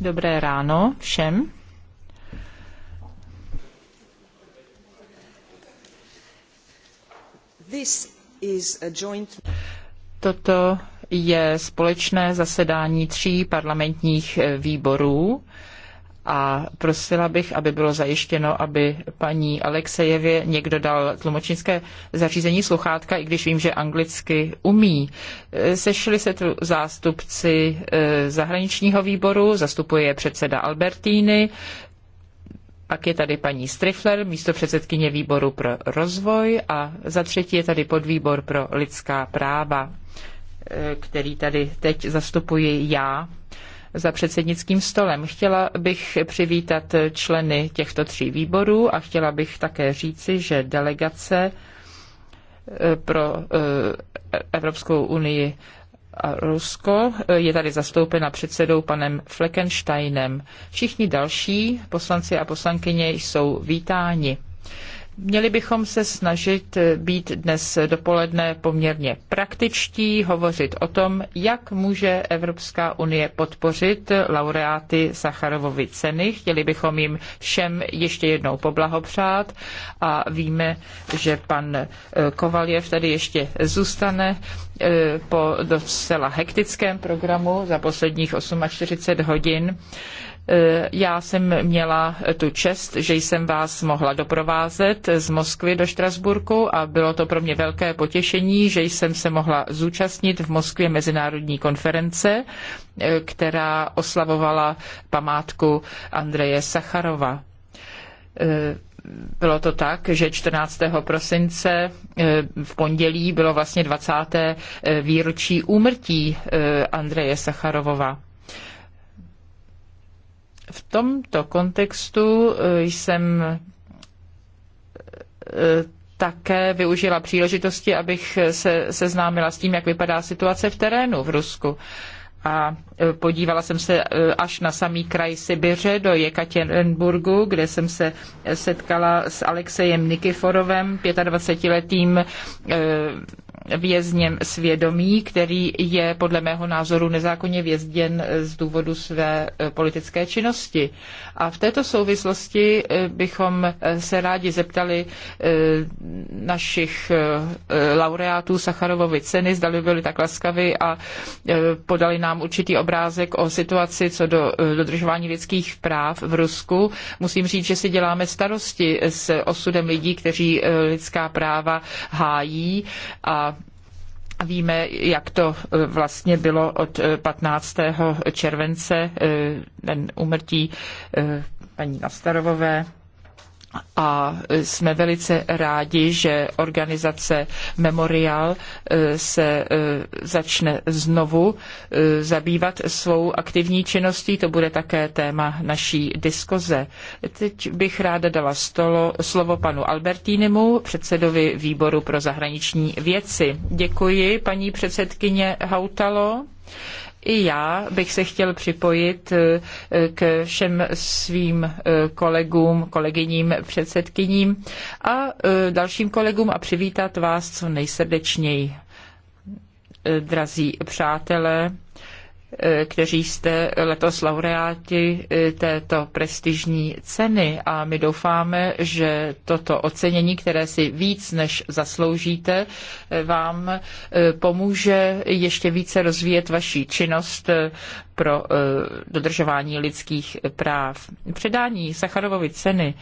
Dobré ráno všem. Toto je společné zasedání tří parlamentních eh, výborů a prosila bych, aby bylo zajištěno, aby paní Alexejevě někdo dal tlumočnické zařízení sluchátka, i když vím, že anglicky umí. E, sešli se tu zástupci e, zahraničního výboru, zastupuje je předseda Albertíny, pak je tady paní Strifler, místo předsedkyně výboru pro rozvoj a za třetí je tady podvýbor pro lidská práva, e, který tady teď zastupuji já za předsednickým stolem. Chtěla bych přivítat členy těchto tří výborů a chtěla bych také říci, že delegace eh, pro eh, Evropskou unii a Rusko eh, je tady zastoupena předsedou panem Fleckensteinem. Všichni další poslanci a poslankyně jsou vítáni. Měli bychom se snažit eh, být dnes dopoledne poměrně praktičtí, hovořit o tom, jak může Evropská unie podpořit laureáty Sacharovovy ceny. Chtěli bychom jim všem ještě jednou poblahopřát a víme, že pan eh, Kovaljev tady ještě zůstane eh, po docela hektickém programu za posledních 48 hodin Eh, já jsem měla tu čest, že jsem vás mohla doprovázet z Moskvy do Štrasburku a bylo to pro mě velké potěšení, že jsem se mohla zúčastnit v Moskvě mezinárodní konference, eh, která oslavovala památku Andreje Sacharova eh, bylo to tak, že 14. prosince v pondělí bylo vlastně 20. výročí úmrtí Andreje Sacharovova. V tomto kontextu eh, jsem eh, také využila příležitosti, abych se seznámila s tím, jak vypadá situace v terénu v Rusku. A eh, podívala jsem se až na samý kraj Sibiře do Jekatěnburgu, kde jsem se setkala s Alexejem Nikiforovem, 25-letým vězněm svědomí, který je podle mého názoru nezákonně vězděn z důvodu své e, politické činnosti. A v této souvislosti e, bychom e, se rádi zeptali našich laureátů Sacharovovy ceny, zda by byli tak laskavi a podali nám určitý obrázek o situaci co do dodržování lidských práv v Rusku. Musím říct, že si děláme starosti s osudem lidí, kteří lidská práva hájí a Víme, jak to e, vlastně bylo od 15. E, července, den e, umrtí paní Nastarovové a jsme velice rádi, že organizace Memorial eh, se eh, začne znovu eh, zabývat svou aktivní činností. To bude také téma naší diskuze. Teď bych ráda dala stolo, slovo panu Albertínimu, předsedovi výboru pro zahraniční věci. Děkuji, paní předsedkyně Hautalo. I já bych se chtěl připojit e, k všem svým e, kolegům, kolegyním, předsedkyním a e, dalším kolegům a přivítat vás co nejsrdečněji, drazí přátelé kteří jste letos laureáti eh, této prestižní ceny a my doufáme, že toto ocenění, které si víc než zasloužíte, eh, vám eh, pomůže ještě více rozvíjet vaši činnost pro dodržování lidských práv. Předání Sacharovovy ceny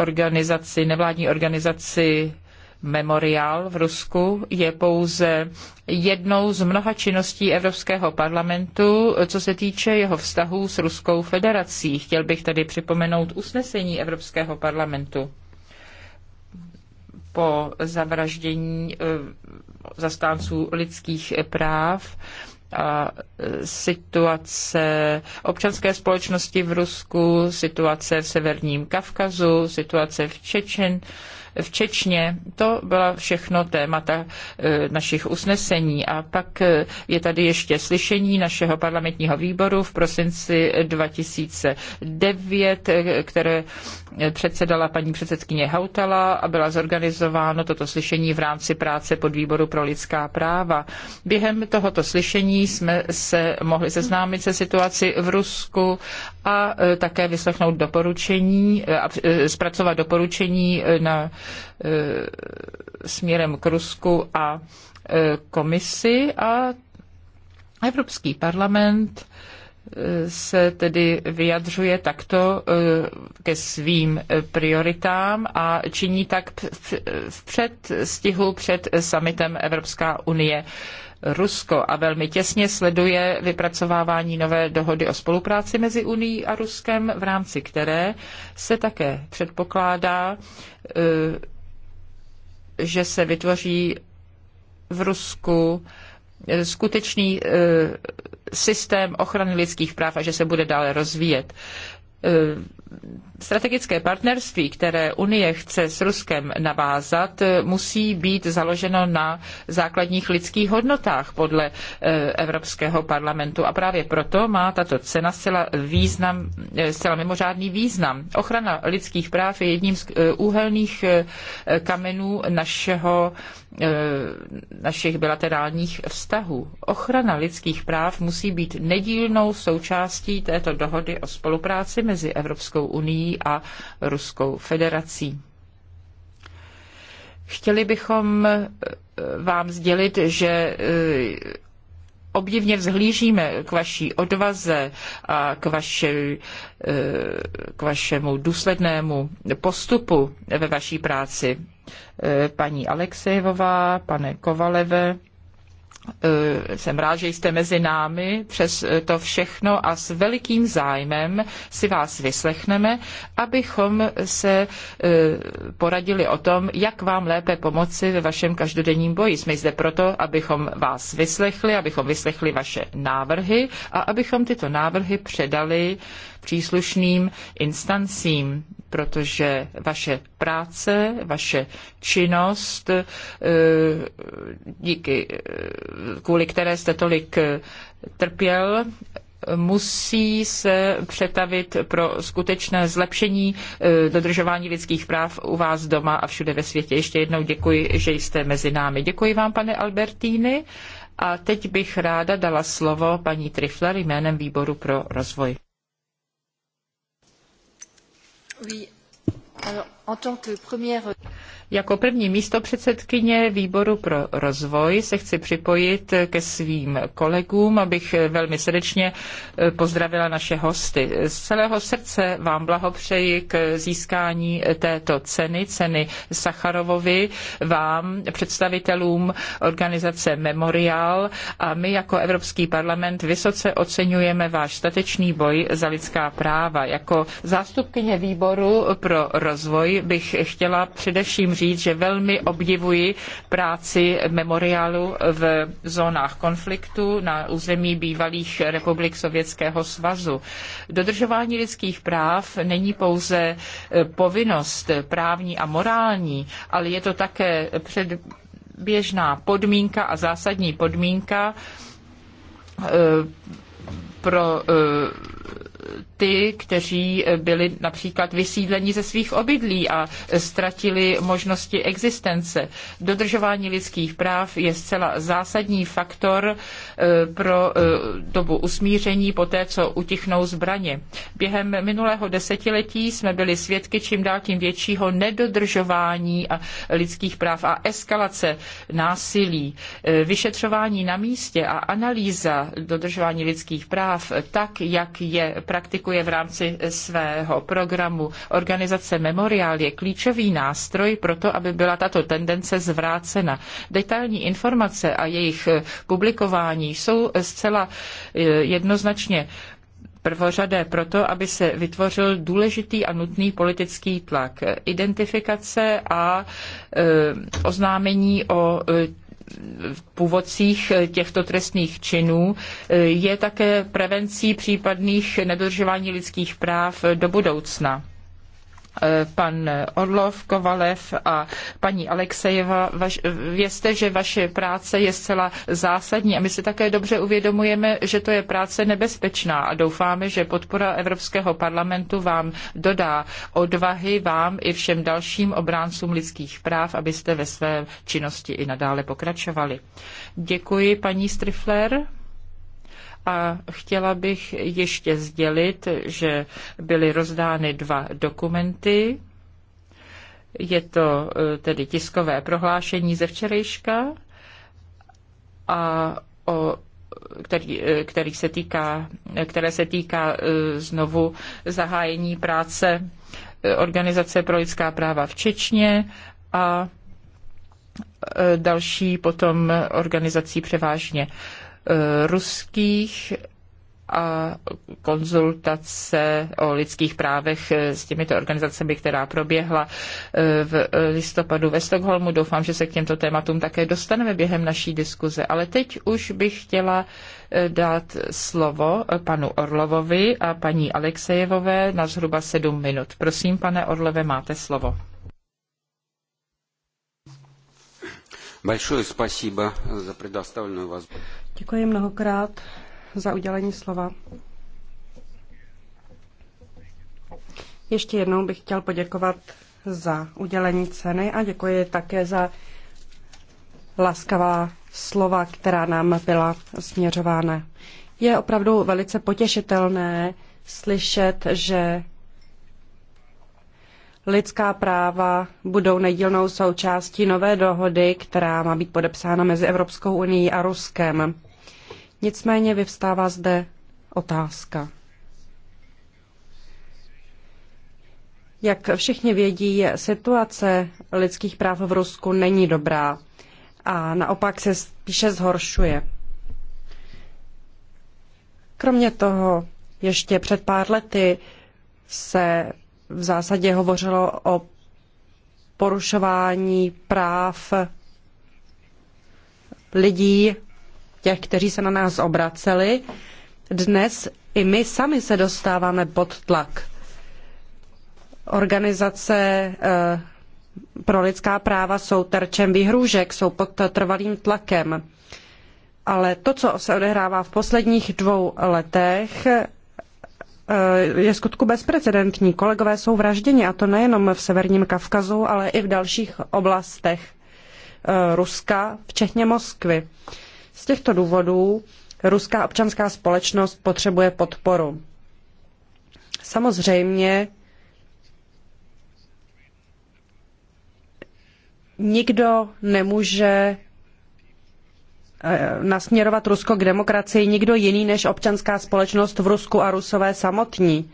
organizaci, nevládní organizaci memoriál v Rusku je pouze jednou z mnoha činností Evropského parlamentu, co se týče jeho vztahů s Ruskou federací. Chtěl bych tady připomenout usnesení Evropského parlamentu po zavraždění eh, zastánců lidských práv a eh, situace občanské společnosti v Rusku, situace v Severním Kavkazu, situace v Čečen, v Čečně. To byla všechno témata e, našich usnesení. A pak e, je tady ještě slyšení našeho parlamentního výboru v prosinci 2009, e, které předsedala paní předsedkyně Hautala a byla zorganizováno toto slyšení v rámci práce pod výboru pro lidská práva. Během tohoto slyšení jsme se mohli seznámit se situaci v Rusku a také vyslechnout doporučení a zpracovat doporučení na Eh, směrem k Rusku a eh, komisi a Evropský parlament eh, se tedy vyjadřuje takto ke svým prioritám a činí tak v předstihu před summitem Evropská unie Rusko a velmi těsně sleduje vypracovávání nové dohody o spolupráci mezi Unií a Ruskem, v rámci které se také předpokládá, eh, že se vytvoří v Rusku eh, skutečný eh, systém ochrany lidských práv a že se bude dále rozvíjet strategické partnerství, které Unie chce s Ruskem navázat, musí být založeno na základních lidských hodnotách podle eh, Evropského parlamentu. A právě proto má tato cena zcela, význam, eh, zcela mimořádný význam. Ochrana lidských práv je jedním z eh, úhelných kamenů našeho E, našich bilaterálních vztahů. Ochrana lidských práv musí být nedílnou součástí této dohody o spolupráci mezi Evropskou unii a Ruskou federací. Chtěli bychom e, vám sdělit, že e, obdivně vzhlížíme k vaší odvaze a k, vaši, eh, k vašemu důslednému postupu ve vaší práci. Eh, paní Alexejevová, pane Kovaleve, Eh, jsem rád, že jste mezi námi přes eh, to všechno a s velikým zájmem si vás vyslechneme, abychom se eh, poradili o tom, jak vám lépe pomoci ve vašem každodenním boji. Jsme zde proto, abychom vás vyslechli, abychom vyslechli vaše návrhy a abychom tyto návrhy předali příslušným instancím protože vaše práce, vaše činnost, eh, díky, eh, kvůli které jste tolik eh, trpěl, musí se přetavit pro skutečné zlepšení dodržování lidských práv u vás doma a všude ve světě. Ještě jednou děkuji, že jste mezi námi. Děkuji vám, pane Albertíny. A teď bych ráda dala slovo paní Trifler jménem Výboru pro rozvoj. Oui. Alors, jako první místo předsedkyně výboru pro rozvoj se chci připojit ke svým kolegům, abych velmi srdečně eh, pozdravila naše hosty. Z celého srdce vám blahopřeji k získání této ceny, ceny Sacharovovi, vám, představitelům organizace Memorial a my jako Evropský parlament vysoce oceňujeme váš statečný boj za lidská práva. Jako zástupkyně výboru pro rozvoj bych chtěla především říct, že velmi obdivuji práci memoriálu v zónách konfliktu na území bývalých republik Sovětského svazu. Dodržování lidských práv není pouze e, povinnost právní a morální, ale je to také předběžná podmínka a zásadní podmínka e, pro e, ty, kteří byli například vysídleni ze svých obydlí a ztratili možnosti existence. Dodržování lidských práv je zcela zásadní faktor eh, pro eh, dobu usmíření po té, co utichnou zbraně. Během minulého desetiletí jsme byli svědky čím dál tím většího nedodržování lidských práv a eskalace násilí. Eh, vyšetřování na místě a analýza dodržování lidských práv tak, jak je praktikuje v rámci svého programu. Organizace Memorial je klíčový nástroj pro to, aby byla tato tendence zvrácena. Detailní informace a jejich eh, publikování jsou eh, zcela eh, jednoznačně prvořadé proto, aby se vytvořil důležitý a nutný politický tlak. Identifikace a e, oznámení o e, původcích eh, těchto trestných činů eh, je také prevencí případných nedodržování lidských práv eh, do budoucna. Eh, pan Orlov, Kovalev a paní Alexejeva. Vaš, vězte, že vaše práce je zcela zásadní a my si také dobře uvědomujeme, že to je práce nebezpečná a doufáme, že podpora Evropského parlamentu vám dodá odvahy, vám i všem dalším obráncům lidských práv, abyste ve své činnosti i nadále pokračovali. Děkuji, paní Strifler a chtěla bych ještě sdělit, že byly rozdány dva dokumenty. Je to eh, tedy tiskové prohlášení ze včerejška a o který, eh, který se týká, které se týká eh, znovu zahájení práce Organizace pro lidská práva v Čečně a další potom organizací převážně Eh, ruských a konzultace o lidských právech eh, s těmito organizacemi, která proběhla eh, v listopadu ve Stockholmu. Doufám, že se k těmto tématům také dostaneme během naší diskuze. Ale teď už bych chtěla dát slovo panu Orlovovi a paní Alexejevové na zhruba sedm minut. Prosím, pane Orlove, máte slovo. Большое спасибо за предоставленную возможность. Děkuji mnohokrát za udělení slova. Ještě jednou bych chtěl poděkovat za udělení ceny a děkuji také za laskavá slova, která nám byla směřována. Je opravdu velice potěšitelné slyšet, že lidská práva budou nedílnou součástí nové dohody, která má být podepsána mezi Evropskou unii a Ruskem. Nicméně vyvstává zde otázka. Jak všichni vědí, situace lidských práv v Rusku není dobrá a naopak se spíše zhoršuje. Kromě toho, ještě před pár lety se v zásadě hovořilo o porušování práv lidí těch, kteří se na nás obraceli, dnes i my sami se dostáváme pod tlak. Organizace eh, pro lidská práva jsou terčem vyhrůžek, jsou pod trvalým tlakem. Ale to, co se odehrává v posledních dvou letech, eh, je skutku bezprecedentní. Kolegové jsou vražděni, a to nejenom v Severním Kavkazu, ale i v dalších oblastech eh, Ruska, včetně Moskvy. Z těchto důvodů ruská občanská společnost potřebuje podporu. Samozřejmě nikdo nemůže eh, nasměrovat Rusko k demokracii nikdo jiný než občanská společnost v Rusku a Rusové samotní.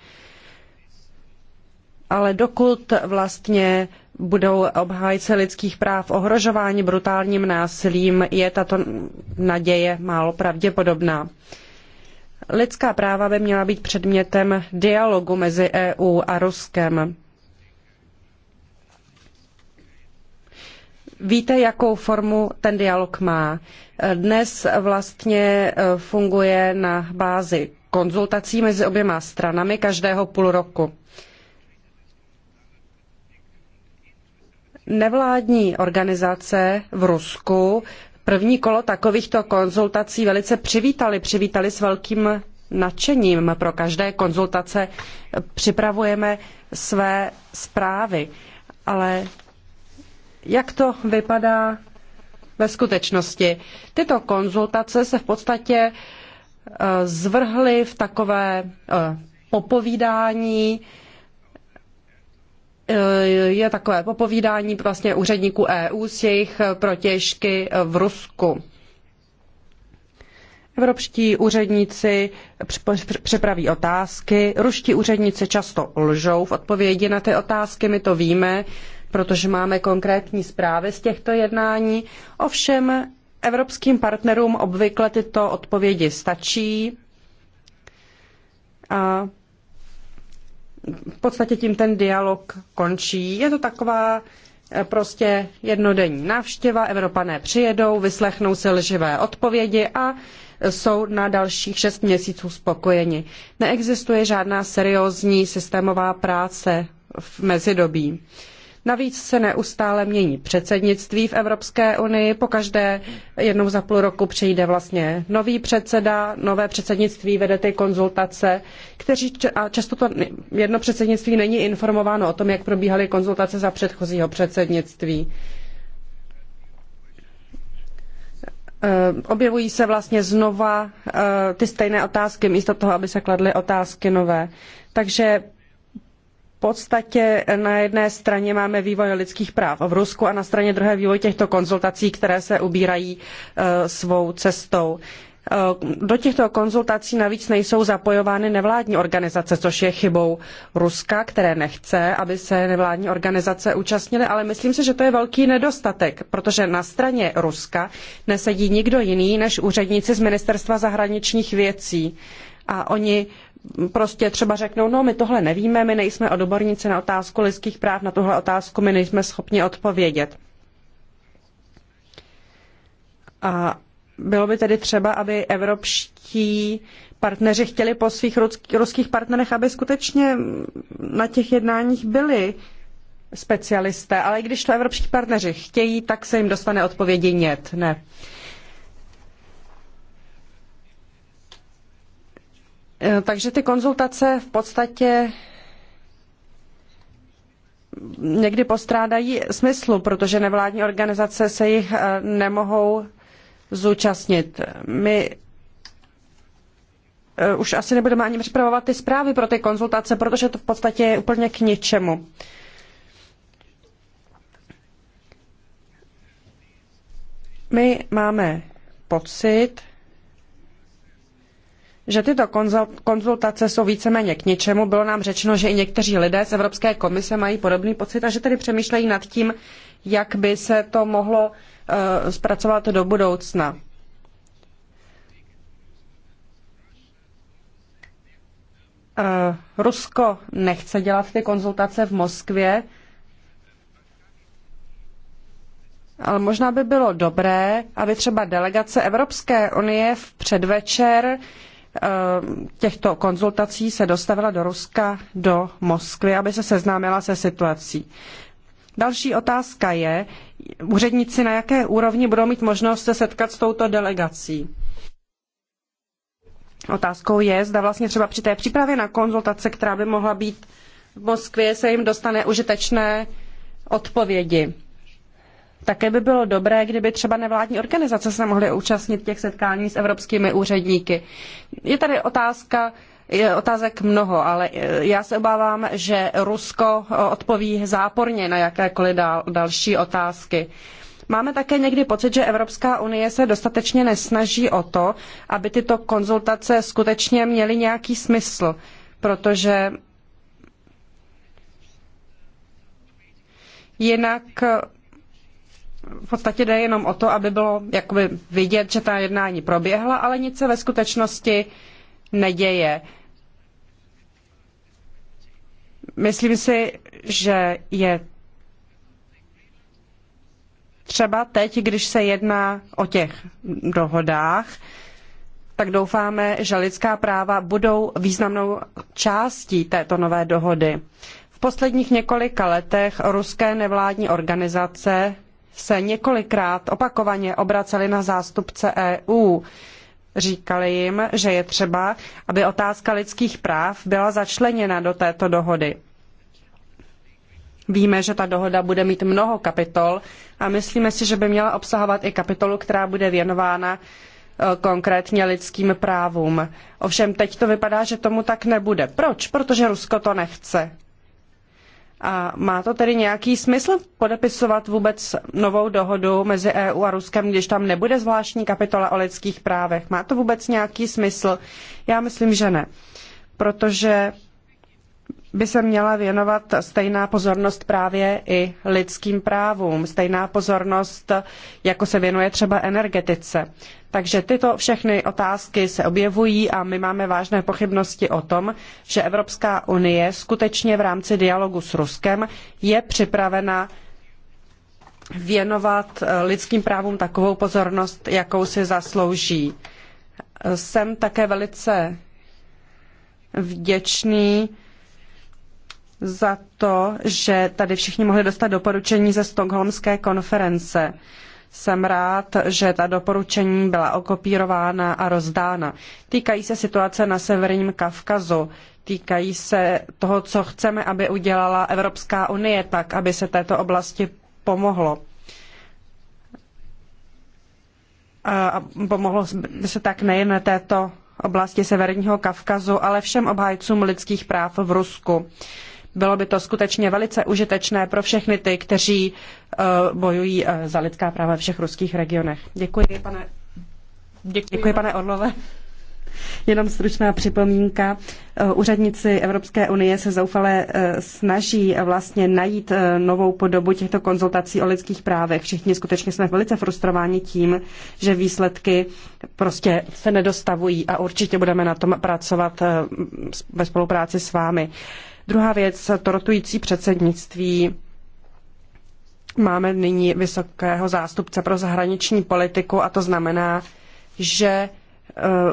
Ale dokud vlastně budou obhájce lidských práv ohrožováni brutálním násilím, je tato naděje málo pravděpodobná. Lidská práva by měla být předmětem dialogu mezi EU a Ruskem. Víte, jakou formu ten dialog má? Dnes vlastně e, funguje na bázi konzultací mezi oběma stranami každého půl roku. nevládní organizace v Rusku první kolo takovýchto konzultací velice přivítali. Přivítali s velkým nadšením. Pro každé konzultace připravujeme své zprávy. Ale jak to vypadá ve skutečnosti? Tyto konzultace se v podstatě eh, zvrhly v takové eh, popovídání, Eh, je takové popovídání vlastně úředníků EU s jejich eh, protěžky eh, v Rusku. Evropští úředníci přepraví otázky, ruští úředníci často lžou v odpovědi na ty otázky, my to víme, protože máme konkrétní zprávy z těchto jednání. Ovšem evropským partnerům obvykle tyto odpovědi stačí a v podstatě tím ten dialog končí. Je to taková eh, prostě jednodenní návštěva, Evropané přijedou, vyslechnou si lživé odpovědi a jsou na dalších šest měsíců spokojeni. Neexistuje žádná seriózní systémová práce v mezidobí. Uh, Navíc se neustále mění předsednictví v Evropské unii. Pokaždé jednou za půl roku přijde vlastně nový předseda, nové předsednictví vede ty konzultace, kteří, a často to jedno předsednictví není informováno o tom, jak probíhaly konzultace za předchozího předsednictví. Eh, objevují se vlastně znova eh, ty stejné otázky, místo toho, aby se kladly otázky nové. Takže podstatě na jedné straně máme vývoj lidských práv v Rusku a na straně druhé vývoj těchto konzultací, které se ubírají e, svou cestou. E, do těchto konzultací navíc nejsou zapojovány nevládní organizace, což je chybou Ruska, které nechce, aby se nevládní organizace účastnily, ale myslím si, že to je velký nedostatek, protože na straně Ruska nesedí nikdo jiný než úředníci z Ministerstva zahraničních věcí a oni prostě třeba řeknou, no my tohle nevíme, my nejsme odborníci na otázku lidských práv, na tuhle otázku my nejsme schopni odpovědět. A bylo by tedy třeba, aby evropští partneři chtěli po svých ruských partnerech, aby skutečně na těch jednáních byli specialisté, ale i když to evropští partneři chtějí, tak se jim dostane odpovědi nět, ne. Uh, Eh, takže ty konzultace v podstatě někdy postrádají smyslu, protože nevládní organizace se jich eh, nemohou zúčastnit. My eh, už asi nebudeme ani připravovat ty zprávy pro ty konzultace, protože to v podstatě je úplně k ničemu. My máme pocit, že tyto konzultace jsou víceméně k ničemu. Bylo nám řečeno, že i někteří lidé z Evropské komise mají podobný pocit a že tedy přemýšlejí nad tím, jak by se to mohlo eh, zpracovat do budoucna. Eh, Rusko nechce dělat ty konzultace v Moskvě, ale možná by bylo dobré, aby třeba delegace Evropské unie v předvečer Eh, těchto konzultací se dostavila do Ruska, do Moskvy, aby se seznámila se situací. Další otázka je, úředníci na jaké úrovni budou mít možnost se setkat s touto delegací. Otázkou je, zda vlastně třeba při té přípravě na konzultace, která by mohla být v Moskvě, se jim dostane užitečné odpovědi také by bylo dobré, kdyby třeba nevládní organizace se mohly účastnit těch setkání s evropskými úředníky. Je tady otázka, je otázek mnoho, ale já se obávám, že Rusko odpoví záporně na jakékoliv dal, další otázky. Máme také někdy pocit, že Evropská unie se dostatečně nesnaží o to, aby tyto konzultace skutečně měly nějaký smysl, protože jinak v podstatě jde jenom o to, aby bylo jakoby vidět, že ta jednání proběhla, ale nic se ve skutečnosti neděje. Myslím si, že je třeba teď, když se jedná o těch dohodách, tak doufáme, že lidská práva budou významnou částí této nové dohody. V posledních několika letech ruské nevládní organizace se několikrát opakovaně obraceli na zástupce EU. Říkali jim, že je třeba, aby otázka lidských práv byla začleněna do této dohody. Víme, že ta dohoda bude mít mnoho kapitol a myslíme si, že by měla obsahovat i kapitolu, která bude věnována e, konkrétně lidským právům. Ovšem teď to vypadá, že tomu tak nebude. Proč? Protože Rusko to nechce. A má to tedy nějaký smysl podepisovat vůbec novou dohodu mezi EU a Ruskem, když tam nebude zvláštní kapitola o lidských právech? Má to vůbec nějaký smysl? Já myslím, že ne. Protože by se měla věnovat stejná pozornost právě i lidským právům, stejná pozornost, jako se věnuje třeba energetice. Takže tyto všechny otázky se objevují a my máme vážné pochybnosti o tom, že Evropská unie skutečně v rámci dialogu s Ruskem je připravena věnovat eh, lidským právům takovou pozornost, jakou si zaslouží. Jsem také velice vděčný za to, že tady všichni mohli dostat doporučení ze Stockholmské konference. Jsem rád, že ta doporučení byla okopírována a rozdána. Týkají se situace na severním Kavkazu, týkají se toho, co chceme, aby udělala Evropská unie tak, aby se této oblasti pomohlo. A pomohlo by se tak nejen této oblasti severního Kavkazu, ale všem obhájcům lidských práv v Rusku. Bylo by to skutečně velice užitečné pro všechny ty, kteří eh, bojují eh, za lidská práva ve všech ruských regionech. Děkuji, pane, děkuji, děkuji pane Orlove. Jenom stručná připomínka. Eh, úředníci Evropské unie se zoufale snaží vlastně najít novou podobu těchto konzultací o lidských právech. Všichni skutečně jsme velice frustrováni tím, že výsledky prostě se nedostavují a určitě budeme na tom pracovat ve spolupráci s vámi. Druhá věc, to rotující předsednictví. Máme nyní vysokého zástupce pro zahraniční politiku a to znamená, že e,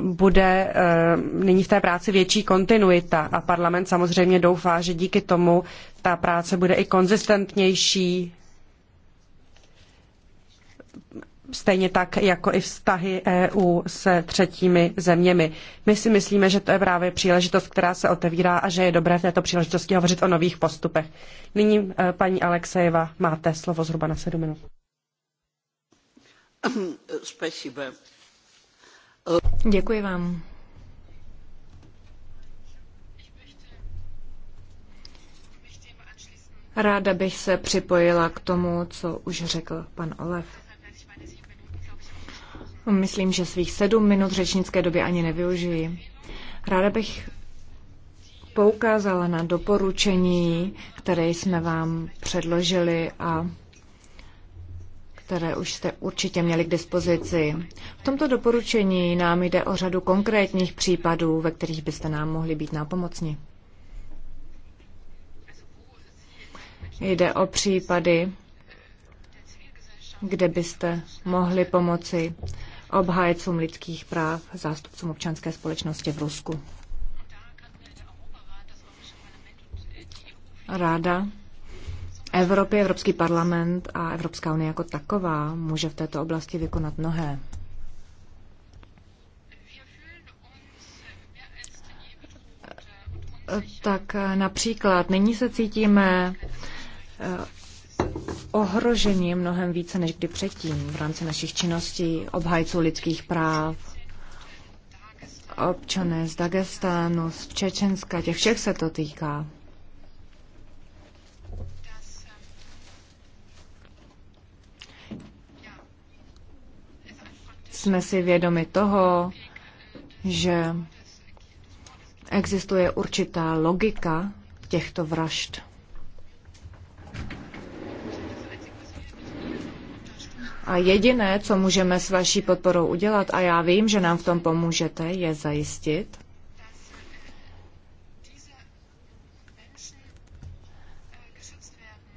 bude e, nyní v té práci větší kontinuita a parlament samozřejmě doufá, že díky tomu ta práce bude i konzistentnější stejně tak jako i vztahy EU se třetími zeměmi. My si myslíme, že to je právě příležitost, která se otevírá a že je dobré v této příležitosti hovořit o nových postupech. Nyní, eh, paní Alexejeva, máte slovo zhruba na sedm minut. Děkuji vám. Ráda bych se připojila k tomu, co už řekl pan Olev. Myslím, že svých sedm minut řečnické doby ani nevyužiji. Ráda bych poukázala na doporučení, které jsme vám předložili a které už jste určitě měli k dispozici. V tomto doporučení nám jde o řadu konkrétních případů, ve kterých byste nám mohli být nápomocni. Jde o případy, kde byste mohli pomoci obhájcům lidských práv, zástupcům občanské společnosti v Rusku. Ráda Evropy, Evropský parlament a Evropská unie jako taková může v této oblasti vykonat mnohé. Tak například nyní se cítíme ohroženi mnohem více než kdy předtím v rámci našich činností obhajců lidských práv, občané z Dagestánu, z Čečenska, těch všech se to týká. Jsme si vědomi toho, že existuje určitá logika těchto vražd. A jediné, co můžeme s vaší podporou udělat, a já vím, že nám v tom pomůžete, je zajistit,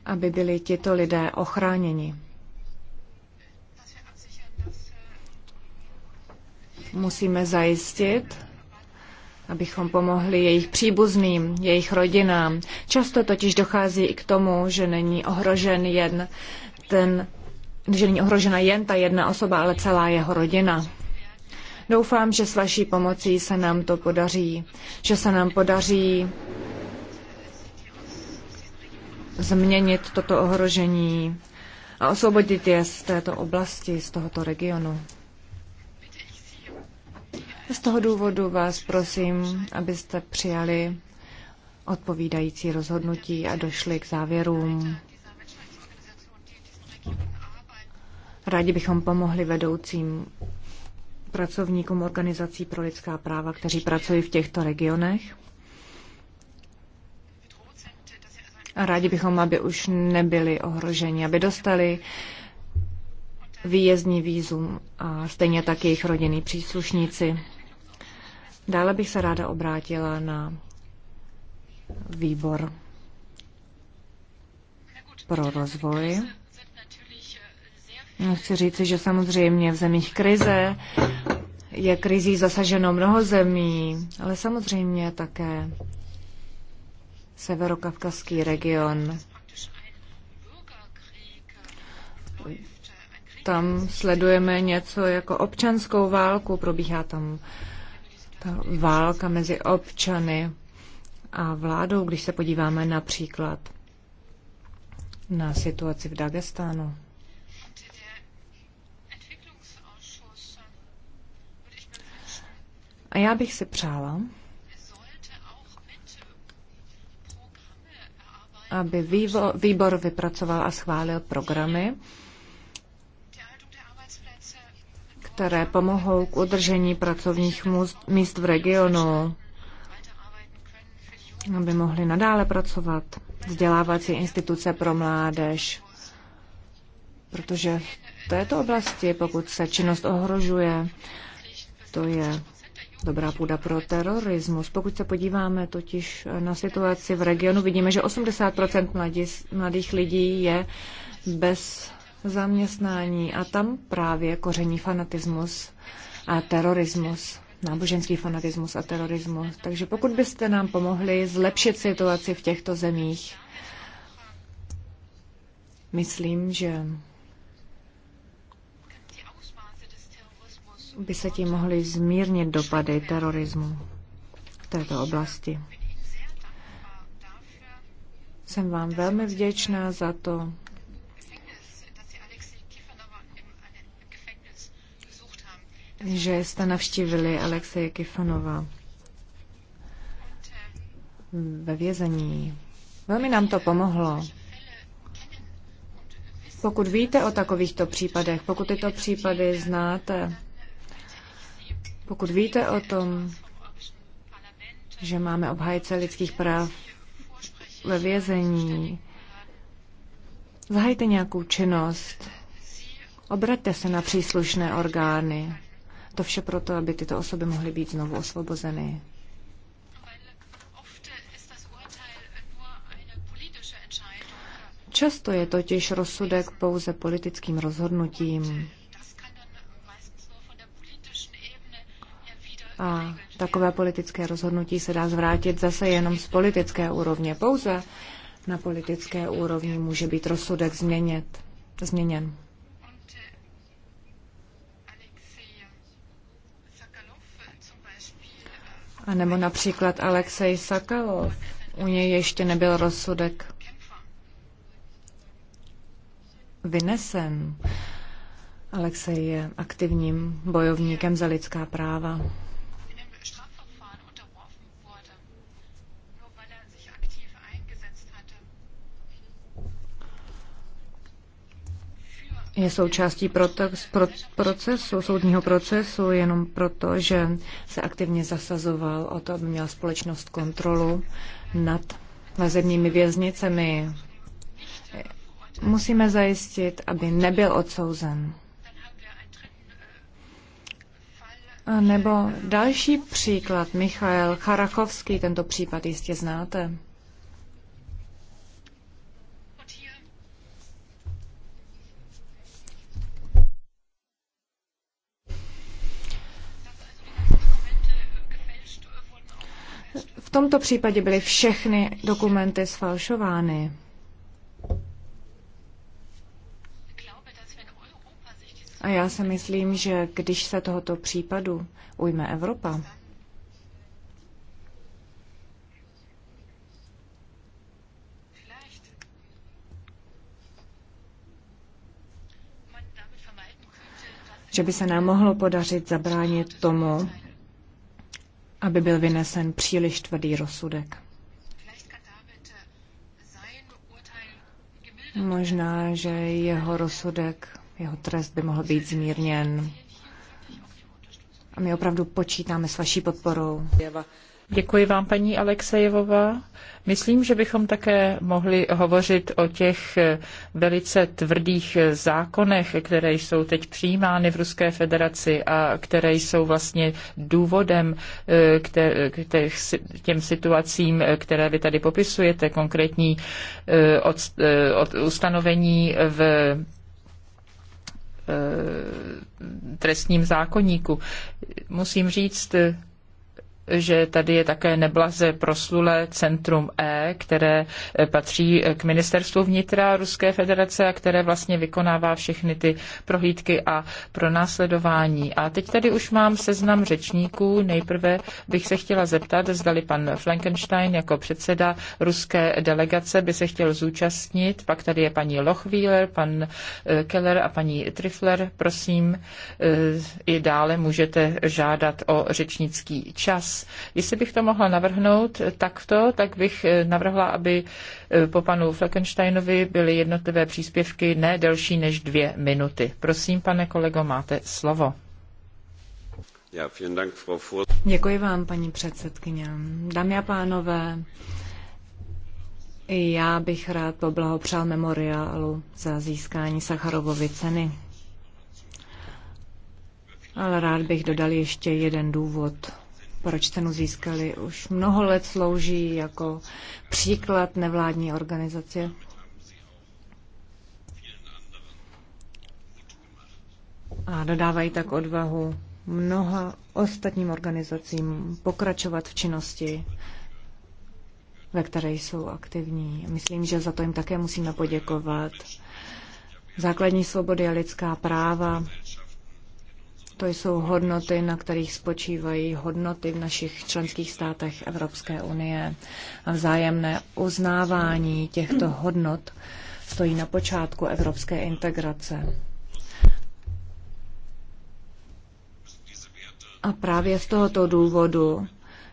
aby byli tito lidé ochráněni. Musíme zajistit, abychom pomohli jejich příbuzným, jejich rodinám. Často totiž dochází i k tomu, že není ohrožen jen ten že není ohrožena jen ta jedna osoba, ale celá jeho rodina. Doufám, že s vaší pomocí se nám to podaří, že se nám podaří změnit toto ohrožení a osvobodit je z této oblasti, z tohoto regionu. Z toho důvodu vás prosím, abyste přijali odpovídající rozhodnutí a došli k závěrům. Rádi bychom pomohli vedoucím pracovníkům organizací pro lidská práva, kteří pracují v těchto regionech. A rádi bychom, aby už nebyli ohroženi, aby dostali výjezdní výzum a stejně tak jejich rodinní příslušníci. Dále bych se ráda obrátila na výbor pro rozvoj. Chci říci, že samozřejmě v zemích krize je krizí zasaženo mnoho zemí, ale samozřejmě také severokavkazský region. Tam sledujeme něco jako občanskou válku, probíhá tam ta válka mezi občany a vládou, když se podíváme například na situaci v Dagestánu. A já bych si přála, aby výbor vypracoval a schválil programy, které pomohou k udržení pracovních míst v regionu, aby mohli nadále pracovat, vzdělávací instituce pro mládež, protože v této oblasti, pokud se činnost ohrožuje, to je dobrá půda pro terorismus. Pokud se podíváme totiž na situaci v regionu, vidíme, že 80 mladis, mladých lidí je bez zaměstnání a tam právě koření fanatismus a terorismus náboženský fanatismus a terorismus. Takže pokud byste nám pomohli zlepšit situaci v těchto zemích, myslím, že by se tím mohly zmírnit dopady terorismu v této oblasti. Jsem vám velmi vděčná za to, že jste navštívili Alexeje Kifanova ve vězení. Velmi nám to pomohlo. Pokud víte o takovýchto případech, pokud tyto případy znáte, pokud víte o tom, že máme obhájce lidských práv ve vězení, zahajte nějakou činnost, obraťte se na příslušné orgány. To vše proto, aby tyto osoby mohly být znovu osvobozeny. Často je totiž rozsudek pouze politickým rozhodnutím. A takové politické rozhodnutí se dá zvrátit zase jenom z politické úrovně. Pouze na politické úrovni může být rozsudek změnět, změněn. A nebo například Alexej Sakalov. U něj ještě nebyl rozsudek vynesen. Alexej je aktivním bojovníkem za lidská práva. je součástí procesu, soudního procesu, jenom proto, že se aktivně zasazoval o to, aby měla společnost kontrolu nad vazebními věznicemi. Musíme zajistit, aby nebyl odsouzen. A nebo další příklad, Michal Charachovský, tento případ jistě znáte. V tomto případě byly všechny dokumenty sfalšovány. A já si myslím, že když se tohoto případu ujme Evropa, že by se nám mohlo podařit zabránit tomu, aby byl vynesen příliš tvrdý rozsudek. Možná, že jeho rozsudek, jeho trest by mohl být zmírněn. A my opravdu počítáme s vaší podporou. Děkuji vám, paní Alexejevová. Myslím, že bychom také mohli hovořit o těch velice tvrdých zákonech, které jsou teď přijímány v Ruské federaci a které jsou vlastně důvodem eh, k, těm situacím, které vy tady popisujete, konkrétní eh, eh, ustanovení v trestním zákoníku. Musím říct, že tady je také neblaze proslulé centrum E, které eh, patří eh, k ministerstvu vnitra Ruské federace a které vlastně vykonává všechny ty prohlídky a pronásledování. A teď tady už mám seznam řečníků. Nejprve bych se chtěla zeptat, zdali pan Flankenstein jako předseda ruské delegace by se chtěl zúčastnit. Pak tady je paní Lochwiler, pan eh, Keller a paní Trifler. Prosím, i dále můžete žádat o řečnický čas Jestli bych to mohla navrhnout takto, tak bych eh, navrhla, aby eh, po panu Fleckensteinovi byly jednotlivé příspěvky ne delší než dvě minuty. Prosím, pane kolego, máte slovo. Děkuji vám, paní předsedkyně. Dámy a pánové, já bych rád poblahopřál memoriálu za získání Sacharovovy ceny. Ale rád bych dodal ještě jeden důvod proč cenu získali. Už mnoho let slouží jako příklad nevládní organizace. A dodávají tak odvahu mnoha ostatním organizacím pokračovat v činnosti, ve které jsou aktivní. Myslím, že za to jim také musíme poděkovat. Základní svobody a lidská práva to jsou hodnoty, na kterých spočívají hodnoty v našich členských státech Evropské unie. A vzájemné uznávání těchto hodnot stojí na počátku evropské integrace. A právě z tohoto důvodu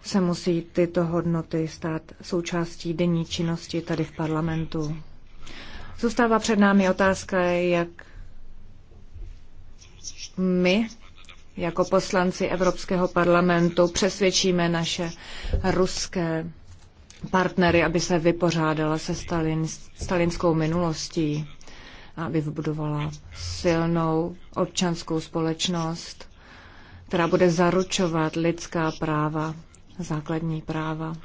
se musí tyto hodnoty stát součástí denní činnosti tady v parlamentu. Zůstává před námi otázka, jak my jako poslanci Evropského parlamentu přesvědčíme naše ruské partnery, aby se vypořádala se Stalin, stalinskou minulostí, aby vybudovala silnou občanskou společnost, která bude zaručovat lidská práva, základní práva.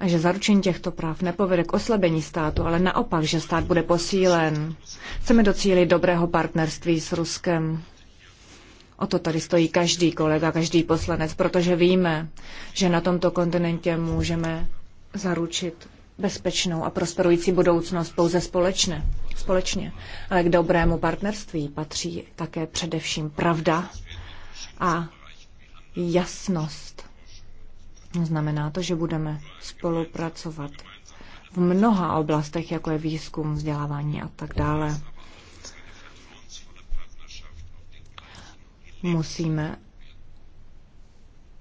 A že zaručení těchto práv nepovede k oslabení státu, ale naopak, že stát bude posílen. Chceme docílit dobrého partnerství s Ruskem O to tady stojí každý kolega, každý poslanec, protože víme, že na tomto kontinentě můžeme zaručit bezpečnou a prosperující budoucnost pouze společně. společně. Ale k dobrému partnerství patří také především pravda a jasnost. Znamená to, že budeme spolupracovat v mnoha oblastech, jako je výzkum, vzdělávání a tak dále. Musíme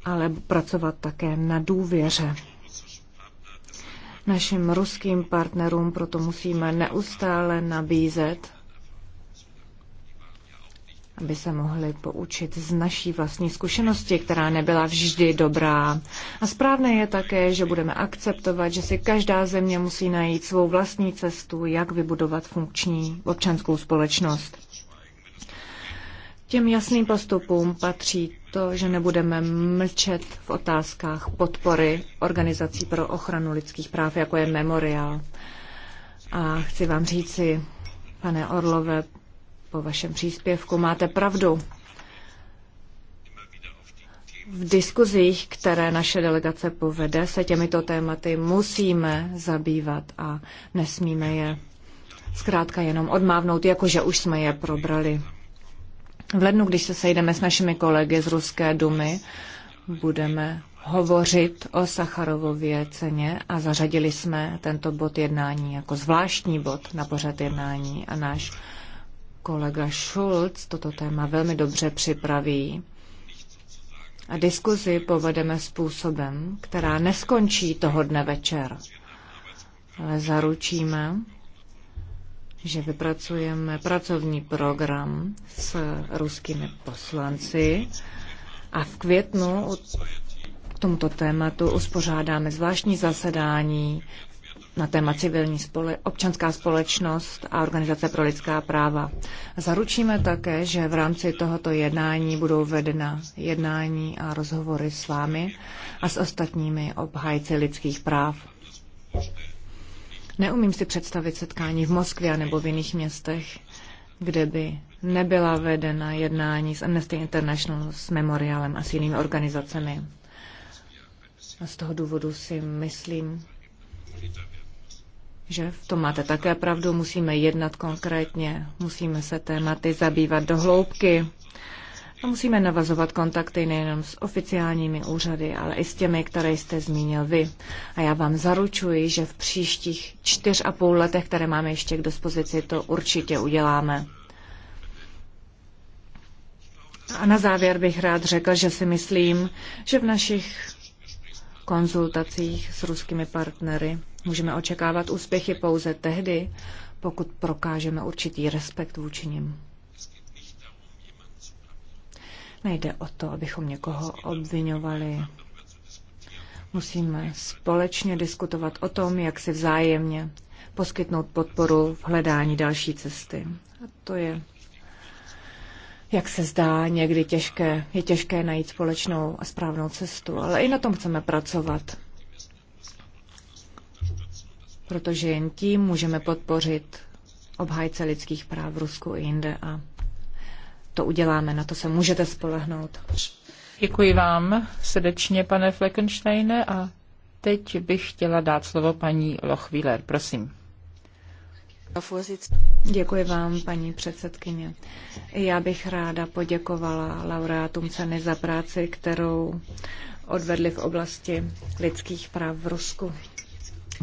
ale pracovat také na důvěře. Našim ruským partnerům proto musíme neustále nabízet, aby se mohli poučit z naší vlastní zkušenosti, která nebyla vždy dobrá. A správné je také, že budeme akceptovat, že si každá země musí najít svou vlastní cestu, jak vybudovat funkční občanskou společnost. Těm jasným postupům patří to, že nebudeme mlčet v otázkách podpory organizací pro ochranu lidských práv, jako je Memorial. A chci vám říci, pane Orlove, po vašem příspěvku máte pravdu. V diskuzích, které naše delegace povede, se těmito tématy musíme zabývat a nesmíme je zkrátka jenom odmávnout, jakože už jsme je probrali. V lednu, když se sejdeme s našimi kolegy z Ruské dumy, budeme hovořit o Sacharovově ceně a zařadili jsme tento bod jednání jako zvláštní bod na pořad jednání a náš kolega Schulz toto téma velmi dobře připraví. A diskuzi povedeme způsobem, která neskončí toho dne večer, ale zaručíme, že vypracujeme pracovní program s ruskými poslanci a v květnu k tomuto tématu uspořádáme zvláštní zasedání na téma civilní spole- občanská společnost a Organizace pro lidská práva. Zaručíme také, že v rámci tohoto jednání budou vedena jednání a rozhovory s vámi a s ostatními obhájci lidských práv. Neumím si představit setkání v Moskvě nebo v jiných městech, kde by nebyla vedena jednání s Amnesty International, s Memorialem a s jinými organizacemi. A z toho důvodu si myslím, že v tom máte také pravdu, musíme jednat konkrétně, musíme se tématy zabývat do hloubky a musíme navazovat kontakty nejenom s oficiálními úřady, ale i s těmi, které jste zmínil vy. A já vám zaručuji, že v příštích čtyř a půl letech, které máme ještě k dispozici, to určitě uděláme. A na závěr bych rád řekl, že si myslím, že v našich konzultacích s ruskými partnery můžeme očekávat úspěchy pouze tehdy, pokud prokážeme určitý respekt vůči nim. Nejde o to, abychom někoho obvinovali. Musíme společně diskutovat o tom, jak si vzájemně poskytnout podporu v hledání další cesty. A to je, jak se zdá, někdy těžké. Je těžké najít společnou a správnou cestu, ale i na tom chceme pracovat. Protože jen tím můžeme podpořit obhájce lidských práv v Rusku i jinde a to uděláme, na to se můžete spolehnout. Děkuji vám srdečně, pane Fleckensteine, a teď bych chtěla dát slovo paní Lochwiller, prosím. Děkuji vám, paní předsedkyně. Já bych ráda poděkovala laureátům ceny za práci, kterou odvedli v oblasti lidských práv v Rusku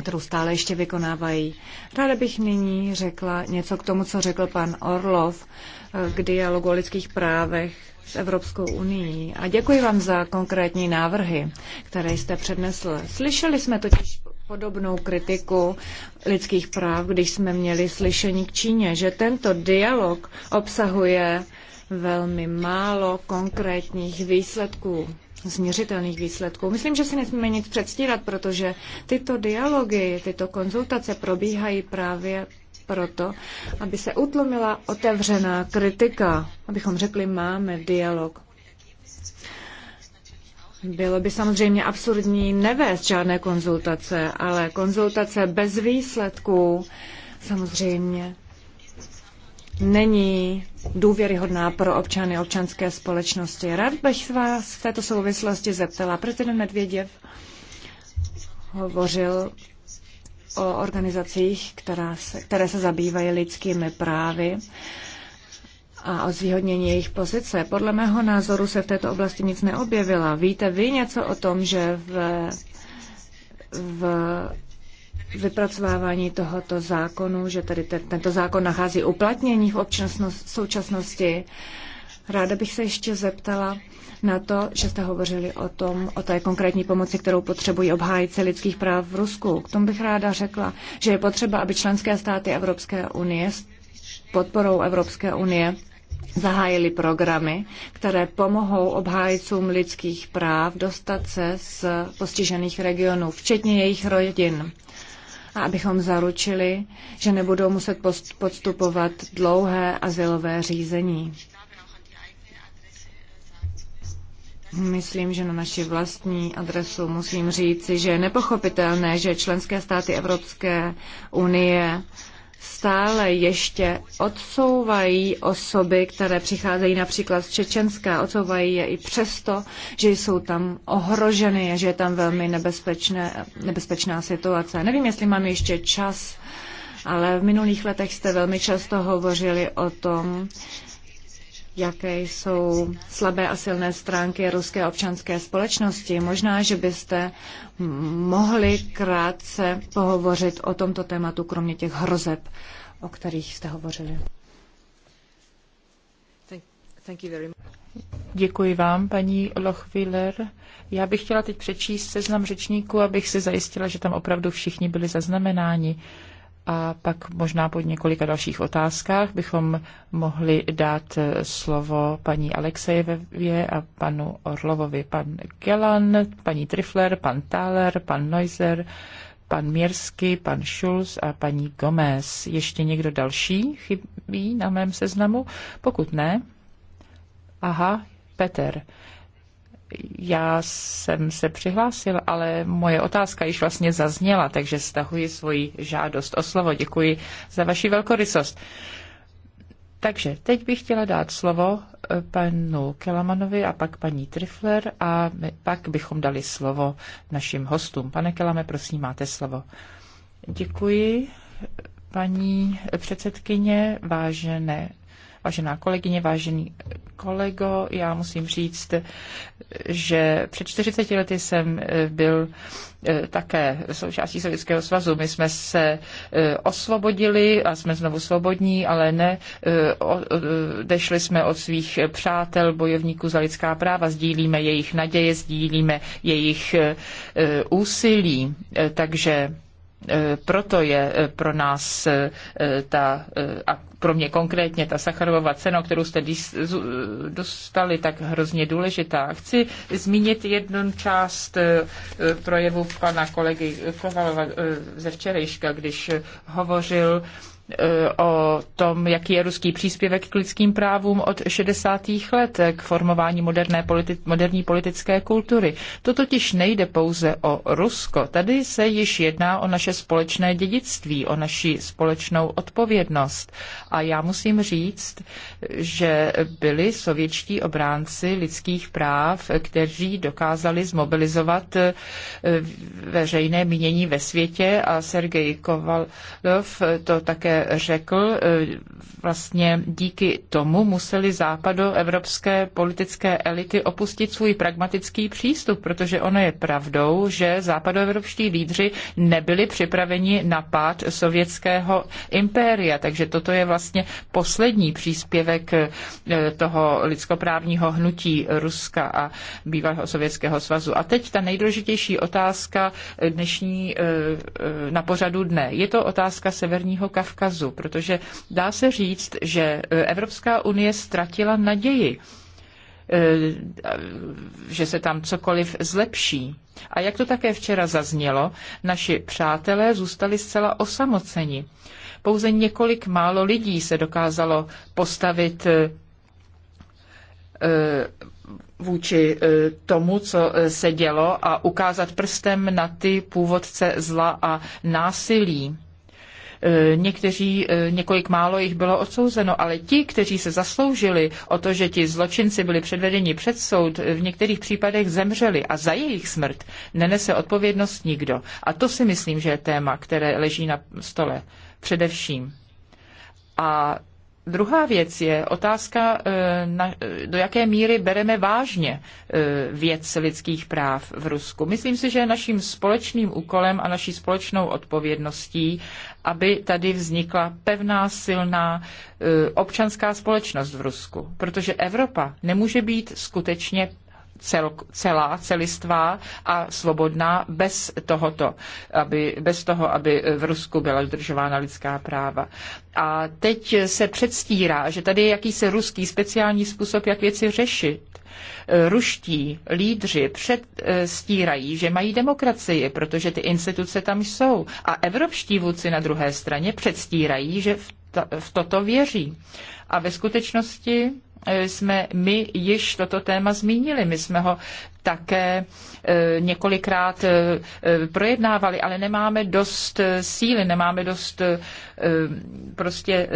kterou stále ještě vykonávají. Ráda bych nyní řekla něco k tomu, co řekl pan Orlov eh, k dialogu o lidských právech s Evropskou unii. A děkuji vám za konkrétní návrhy, které jste přednesl. Slyšeli jsme totiž podobnou kritiku lidských práv, když jsme měli slyšení k Číně, že tento dialog obsahuje velmi málo konkrétních výsledků, změřitelných výsledků. Myslím, že si nesmíme nic předstírat, protože tyto dialogy, tyto konzultace probíhají právě proto, aby se utlumila otevřená kritika, abychom řekli, máme dialog. Bylo by samozřejmě absurdní nevést žádné konzultace, ale konzultace bez výsledků samozřejmě není důvěryhodná pro občany občanské společnosti. Rád bych vás v této souvislosti zeptala. Prezident Medvěděv hovořil o organizacích, která se, které se zabývají lidskými právy a o zvýhodnění jejich pozice. Podle mého názoru se v této oblasti nic neobjevila. Víte vy něco o tom, že v, v vypracovávání tohoto zákonu, že tady te, tento zákon nachází uplatnění v občasnost, současnosti. Ráda bych se ještě zeptala na to, že jste hovořili o tom, o té konkrétní pomoci, kterou potřebují obhájci lidských práv v Rusku. K tomu bych ráda řekla, že je potřeba, aby členské státy Evropské unie s podporou Evropské unie zahájili programy, které pomohou obhájcům lidských práv dostat se z postižených regionů, včetně jejich rodin a abychom zaručili, že nebudou muset podstupovat dlouhé azylové řízení. Myslím, že na naši vlastní adresu musím říci, že je nepochopitelné, že členské státy Evropské unie stále ještě odsouvají osoby, které přicházejí například z Čečenska, odsouvají je i přesto, že jsou tam ohroženy a že je tam velmi nebezpečné, nebezpečná situace. Nevím, jestli mám ještě čas, ale v minulých letech jste velmi často hovořili o tom, jaké jsou slabé a silné stránky ruské občanské společnosti. Možná, že byste mohli krátce pohovořit o tomto tématu, kromě těch hrozeb, o kterých jste hovořili. Děkuji vám, paní Lochwiller. Já bych chtěla teď přečíst seznam řečníků, abych si zajistila, že tam opravdu všichni byli zaznamenáni a pak možná po několika dalších otázkách bychom mohli dát eh, slovo paní Alexejevě a panu Orlovovi. Pan Gelan, paní Trifler, pan Thaler, pan Neuser, pan Mírsky, pan Schulz a paní Gomez. Ještě někdo další chybí na mém seznamu? Pokud ne, aha, Peter já jsem se přihlásil, ale moje otázka již vlastně zazněla, takže stahuji svoji žádost o slovo. Děkuji za vaši velkorysost. Takže teď bych chtěla dát slovo eh, panu Kelamanovi a pak paní Trifler a pak bychom dali slovo našim hostům. Pane Kelame, prosím, máte slovo. Děkuji, paní předsedkyně, vážené Vážená kolegyně, vážený kolego, já musím říct, že před 40 lety jsem eh, byl eh, také součástí Sovětského svazu. My jsme se eh, osvobodili a jsme znovu svobodní, ale ne Dešli jsme od svých přátel, bojovníků za lidská práva, sdílíme jejich naděje, sdílíme jejich úsilí. Takže E, proto je e, pro nás e, ta, a pro mě konkrétně ta Sacharovova cena, kterou jste dostali, tak hrozně důležitá. Chci zmínit jednu část projevu pana kolegy Kovalova ze včerejška, když hovořil Eh, o tom, jaký je ruský příspěvek k lidským právům od 60. let eh, k formování moderné politi- moderní politické kultury. To totiž nejde pouze o Rusko. Tady se již jedná o naše společné dědictví, o naši společnou odpovědnost. A já musím říct, že byli sovětští obránci lidských práv, kteří dokázali zmobilizovat eh, veřejné mínění ve světě a Sergej Kovalov to také řekl, e, vlastně díky tomu museli západoevropské politické elity opustit svůj pragmatický přístup, protože ono je pravdou, že západoevropští lídři nebyli připraveni na pád sovětského impéria. Takže toto je vlastně poslední příspěvek e, toho lidskoprávního hnutí Ruska a bývalého sovětského svazu. A teď ta nejdůležitější otázka dnešní e, na pořadu dne. Je to otázka Severního Kavkazu odkazu, protože dá se říct, že e, Evropská unie ztratila naději e, že se tam cokoliv zlepší. A jak to také včera zaznělo, naši přátelé zůstali zcela osamoceni. Pouze několik málo lidí se dokázalo postavit e, vůči tomu, co se dělo a ukázat prstem na ty původce zla a násilí. Eh, někteří, eh, několik málo jich bylo odsouzeno, ale ti, kteří se zasloužili o to, že ti zločinci byli předvedeni před soud, eh, v některých případech zemřeli a za jejich smrt nenese odpovědnost nikdo. A to si myslím, že je téma, které leží na stole především. A Druhá věc je otázka, eh, eh, do jaké míry bereme vážně eh, věc lidských práv v Rusku. Myslím si, že je naším společným úkolem a naší společnou odpovědností, aby tady vznikla pevná, silná občanská společnost v Rusku. Protože Evropa nemůže být skutečně cel, celá, celistvá a svobodná bez, tohoto, aby, bez toho, aby v Rusku byla dodržována lidská práva. A teď se předstírá, že tady je jakýsi ruský speciální způsob, jak věci řešit. Ruští lídři předstírají, že mají demokracii, protože ty instituce tam jsou. A evropští vůdci na druhé straně předstírají, že v, to, v toto věří. A ve skutečnosti jsme my již toto téma zmínili. My jsme ho také eh, několikrát eh, eh, projednávali, ale nemáme dost síly, nemáme dost prostě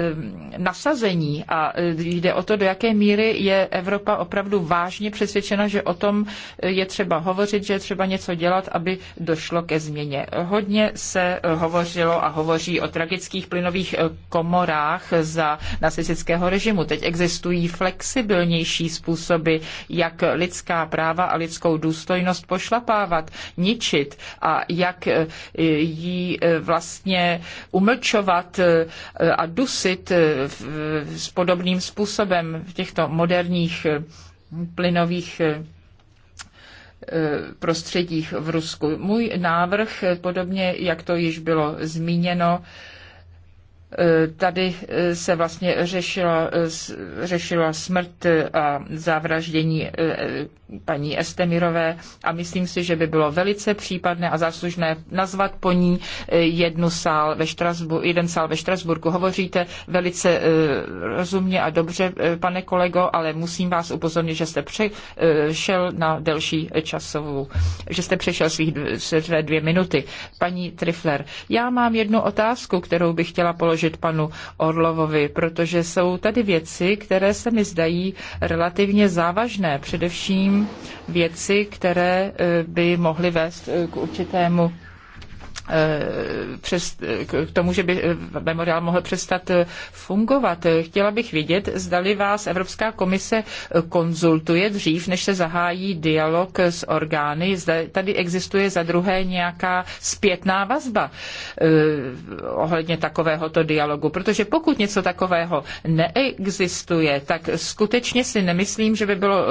nasazení a jde o to, do jaké míry je Evropa opravdu vážně přesvědčena, že o tom je třeba hovořit, že je třeba něco dělat, aby došlo ke změně. Hodně se hovořilo a hovoří o tragických plynových komorách za nacistického režimu. Teď existují flexibilnější způsoby, jak lidská práva a lidská lidskou důstojnost pošlapávat, ničit a jak eh, ji eh, vlastně umlčovat eh, a dusit s podobným způsobem v těchto moderních plynových prostředích v Rusku. Můj návrh, podobně jak to již bylo zmíněno, Tady eh, se vlastně řešila, řešila smrt a zavraždění eh, paní Estemirové a myslím si, že by bylo velice případné a záslužné nazvat po ní eh, jednu sál ve Štrasburku, jeden sál ve Štrasburku. Hovoříte velice rozumně a dobře, pane kolego, ale musím vás upozornit, že jste přešel na delší časovou, že jste přešel svých své dvě minuty. Paní Trifler, já mám jednu otázku, kterou bych chtěla položit položit panu Orlovovi, protože jsou tady věci, které se mi zdají relativně závažné, především věci, které eh, by mohly vést eh, k určitému přes, k tomu, že by eh, memoriál mohl přestat eh, fungovat. Chtěla bych vědět, zdali vás Evropská komise eh, konzultuje dřív, než se zahájí dialog s orgány. Zda tady existuje za druhé nějaká zpětná vazba ohledně takovéhoto dialogu, protože pokud něco takového neexistuje, tak skutečně si nemyslím, že by, bylo,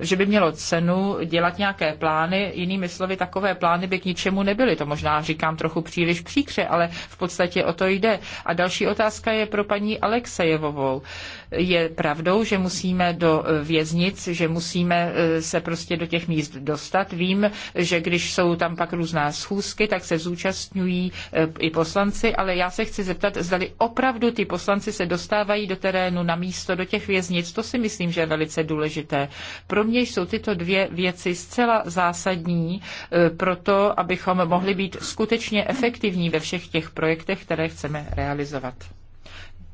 že by mělo cenu dělat nějaké plány. Jinými slovy, takové plány by k ničemu nebyly. To možná říká říkám trochu příliš příkře, ale v podstatě o to jde. A další otázka je pro paní Alexejevovou. Je pravdou, že musíme do věznic, že musíme e, se prostě do těch míst dostat. Vím, že když jsou tam pak různá schůzky, tak se zúčastňují e, i poslanci, ale já se chci zeptat, zdali opravdu ty poslanci se dostávají do terénu, na místo, do těch věznic. To si myslím, že je velice důležité. Pro mě jsou tyto dvě věci zcela zásadní e, pro to, abychom mohli být skutečně efektivní ve všech těch projektech, které chceme realizovat.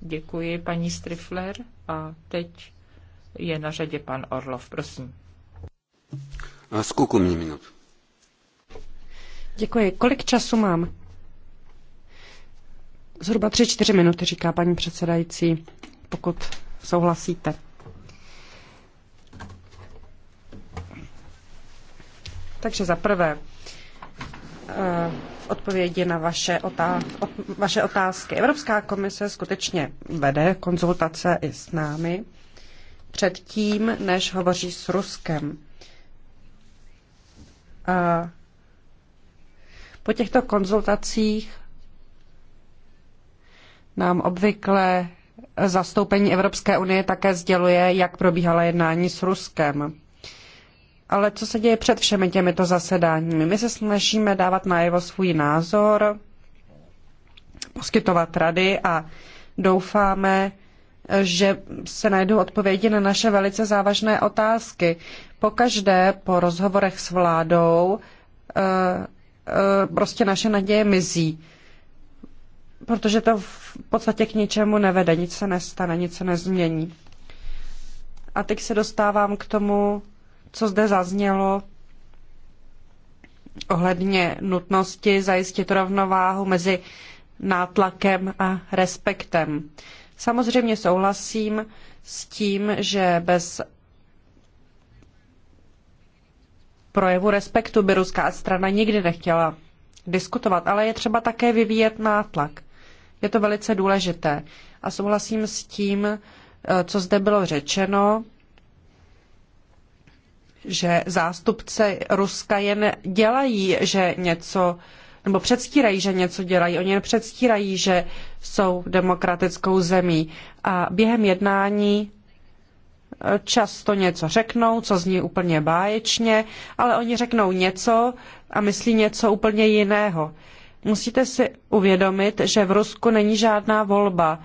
Děkuji paní Strifler a teď je na řadě pan Orlov, prosím. A skuku mě minut. Děkuji. Kolik času mám? Zhruba tři, čtyři minuty, říká paní předsedající, pokud souhlasíte. Takže za prvé, uh odpovědi na vaše, otá- vaše otázky. Evropská komise skutečně vede konzultace i s námi předtím, než hovoří s Ruskem. A po těchto konzultacích nám obvykle zastoupení Evropské unie také sděluje, jak probíhala jednání s Ruskem. Ale co se děje před všemi těmito zasedáními? My se snažíme dávat najevo svůj názor, poskytovat rady a doufáme, že se najdou odpovědi na naše velice závažné otázky. Pokaždé po rozhovorech s vládou eh, eh, prostě naše naděje mizí, protože to v podstatě k ničemu nevede, nic se nestane, nic se nezmění. A teď se dostávám k tomu, co zde zaznělo ohledně nutnosti zajistit rovnováhu mezi nátlakem a respektem. Samozřejmě souhlasím s tím, že bez projevu respektu by ruská strana nikdy nechtěla diskutovat, ale je třeba také vyvíjet nátlak. Je to velice důležité. A souhlasím s tím, eh, co zde bylo řečeno, že zástupce Ruska jen dělají, že něco nebo předstírají, že něco dělají. Oni jen předstírají, že jsou demokratickou zemí. A během jednání eh, často něco řeknou, co zní úplně báječně, ale oni řeknou něco a myslí něco úplně jiného. Musíte si uvědomit, že v Rusku není žádná volba.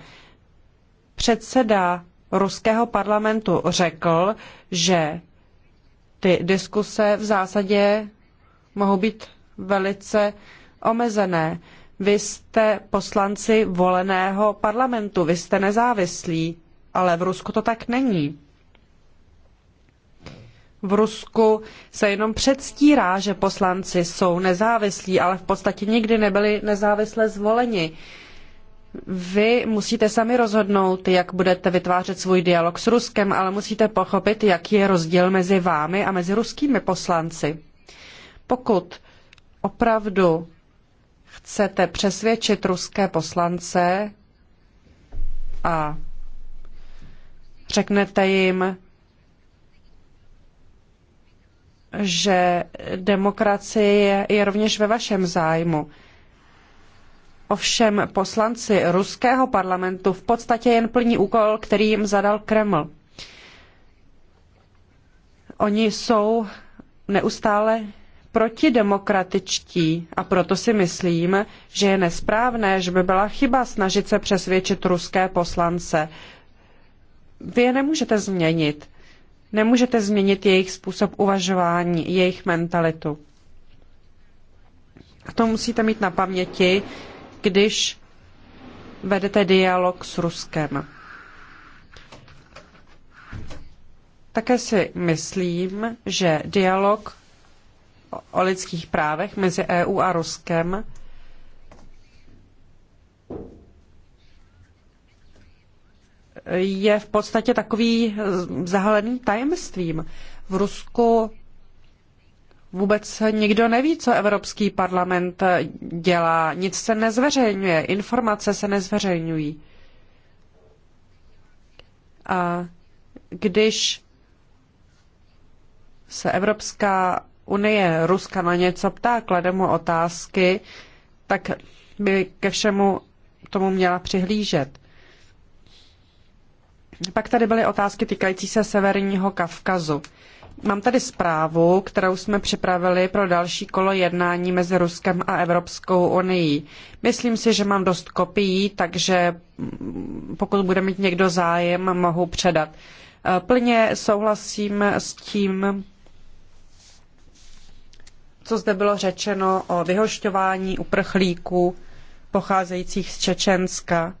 Předseda ruského parlamentu řekl, že ty diskuse v zásadě mohou být velice omezené. Vy jste poslanci voleného parlamentu, vy jste nezávislí, ale v Rusku to tak není. V Rusku se jenom předstírá, že poslanci jsou nezávislí, ale v podstatě nikdy nebyli nezávisle zvoleni. Uh, vy musíte sami rozhodnout, jak budete vytvářet svůj dialog s Ruskem, ale musíte pochopit, jaký je rozdíl mezi vámi a mezi ruskými poslanci. Pokud opravdu chcete přesvědčit ruské poslance a řeknete jim, že demokracie je rovněž ve vašem zájmu, Ovšem poslanci ruského parlamentu v podstatě jen plní úkol, který jim zadal Kreml. Oni jsou neustále protidemokratičtí a proto si myslím, že je nesprávné, že by byla chyba snažit se přesvědčit ruské poslance. Vy je nemůžete změnit. Nemůžete změnit jejich způsob uvažování, jejich mentalitu. A to musíte mít na paměti, když vedete dialog s Ruskem. Také si myslím, že dialog o lidských právech mezi EU a Ruskem je v podstatě takový zahalený tajemstvím. V Rusku Vůbec nikdo neví, co Evropský parlament dělá. Nic se nezveřejňuje, informace se nezveřejňují. A když se Evropská unie Ruska na něco ptá, klade mu otázky, tak by ke všemu tomu měla přihlížet. Pak tady byly otázky týkající se Severního Kavkazu. Mám tady zprávu, kterou jsme připravili pro další kolo jednání mezi Ruskem a Evropskou unii. Myslím si, že mám dost kopií, takže mm, pokud bude mít někdo zájem, mohu předat. Eh, plně souhlasím s tím, co zde bylo řečeno o vyhošťování uprchlíků pocházejících z Čečenska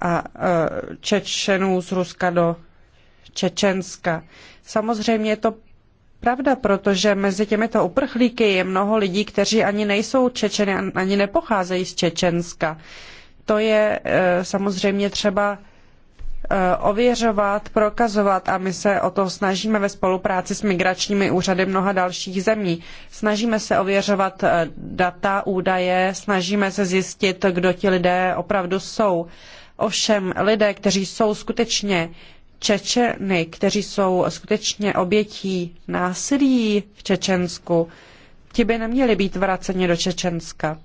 a eh, Čečenů z Ruska do Čečenska. Samozřejmě je to pravda, protože mezi těmito uprchlíky je mnoho lidí, kteří ani nejsou Čečeny, ani nepocházejí z Čečenska. To je eh, samozřejmě třeba eh, ověřovat, prokazovat a my se o to snažíme ve spolupráci s migračními úřady mnoha dalších zemí. Snažíme se ověřovat eh, data, údaje, snažíme se zjistit, kdo ti lidé opravdu jsou. Ovšem lidé, kteří jsou skutečně Čečeny, kteří jsou skutečně obětí násilí v Čečensku, ti by neměli být vraceni do Čečenska.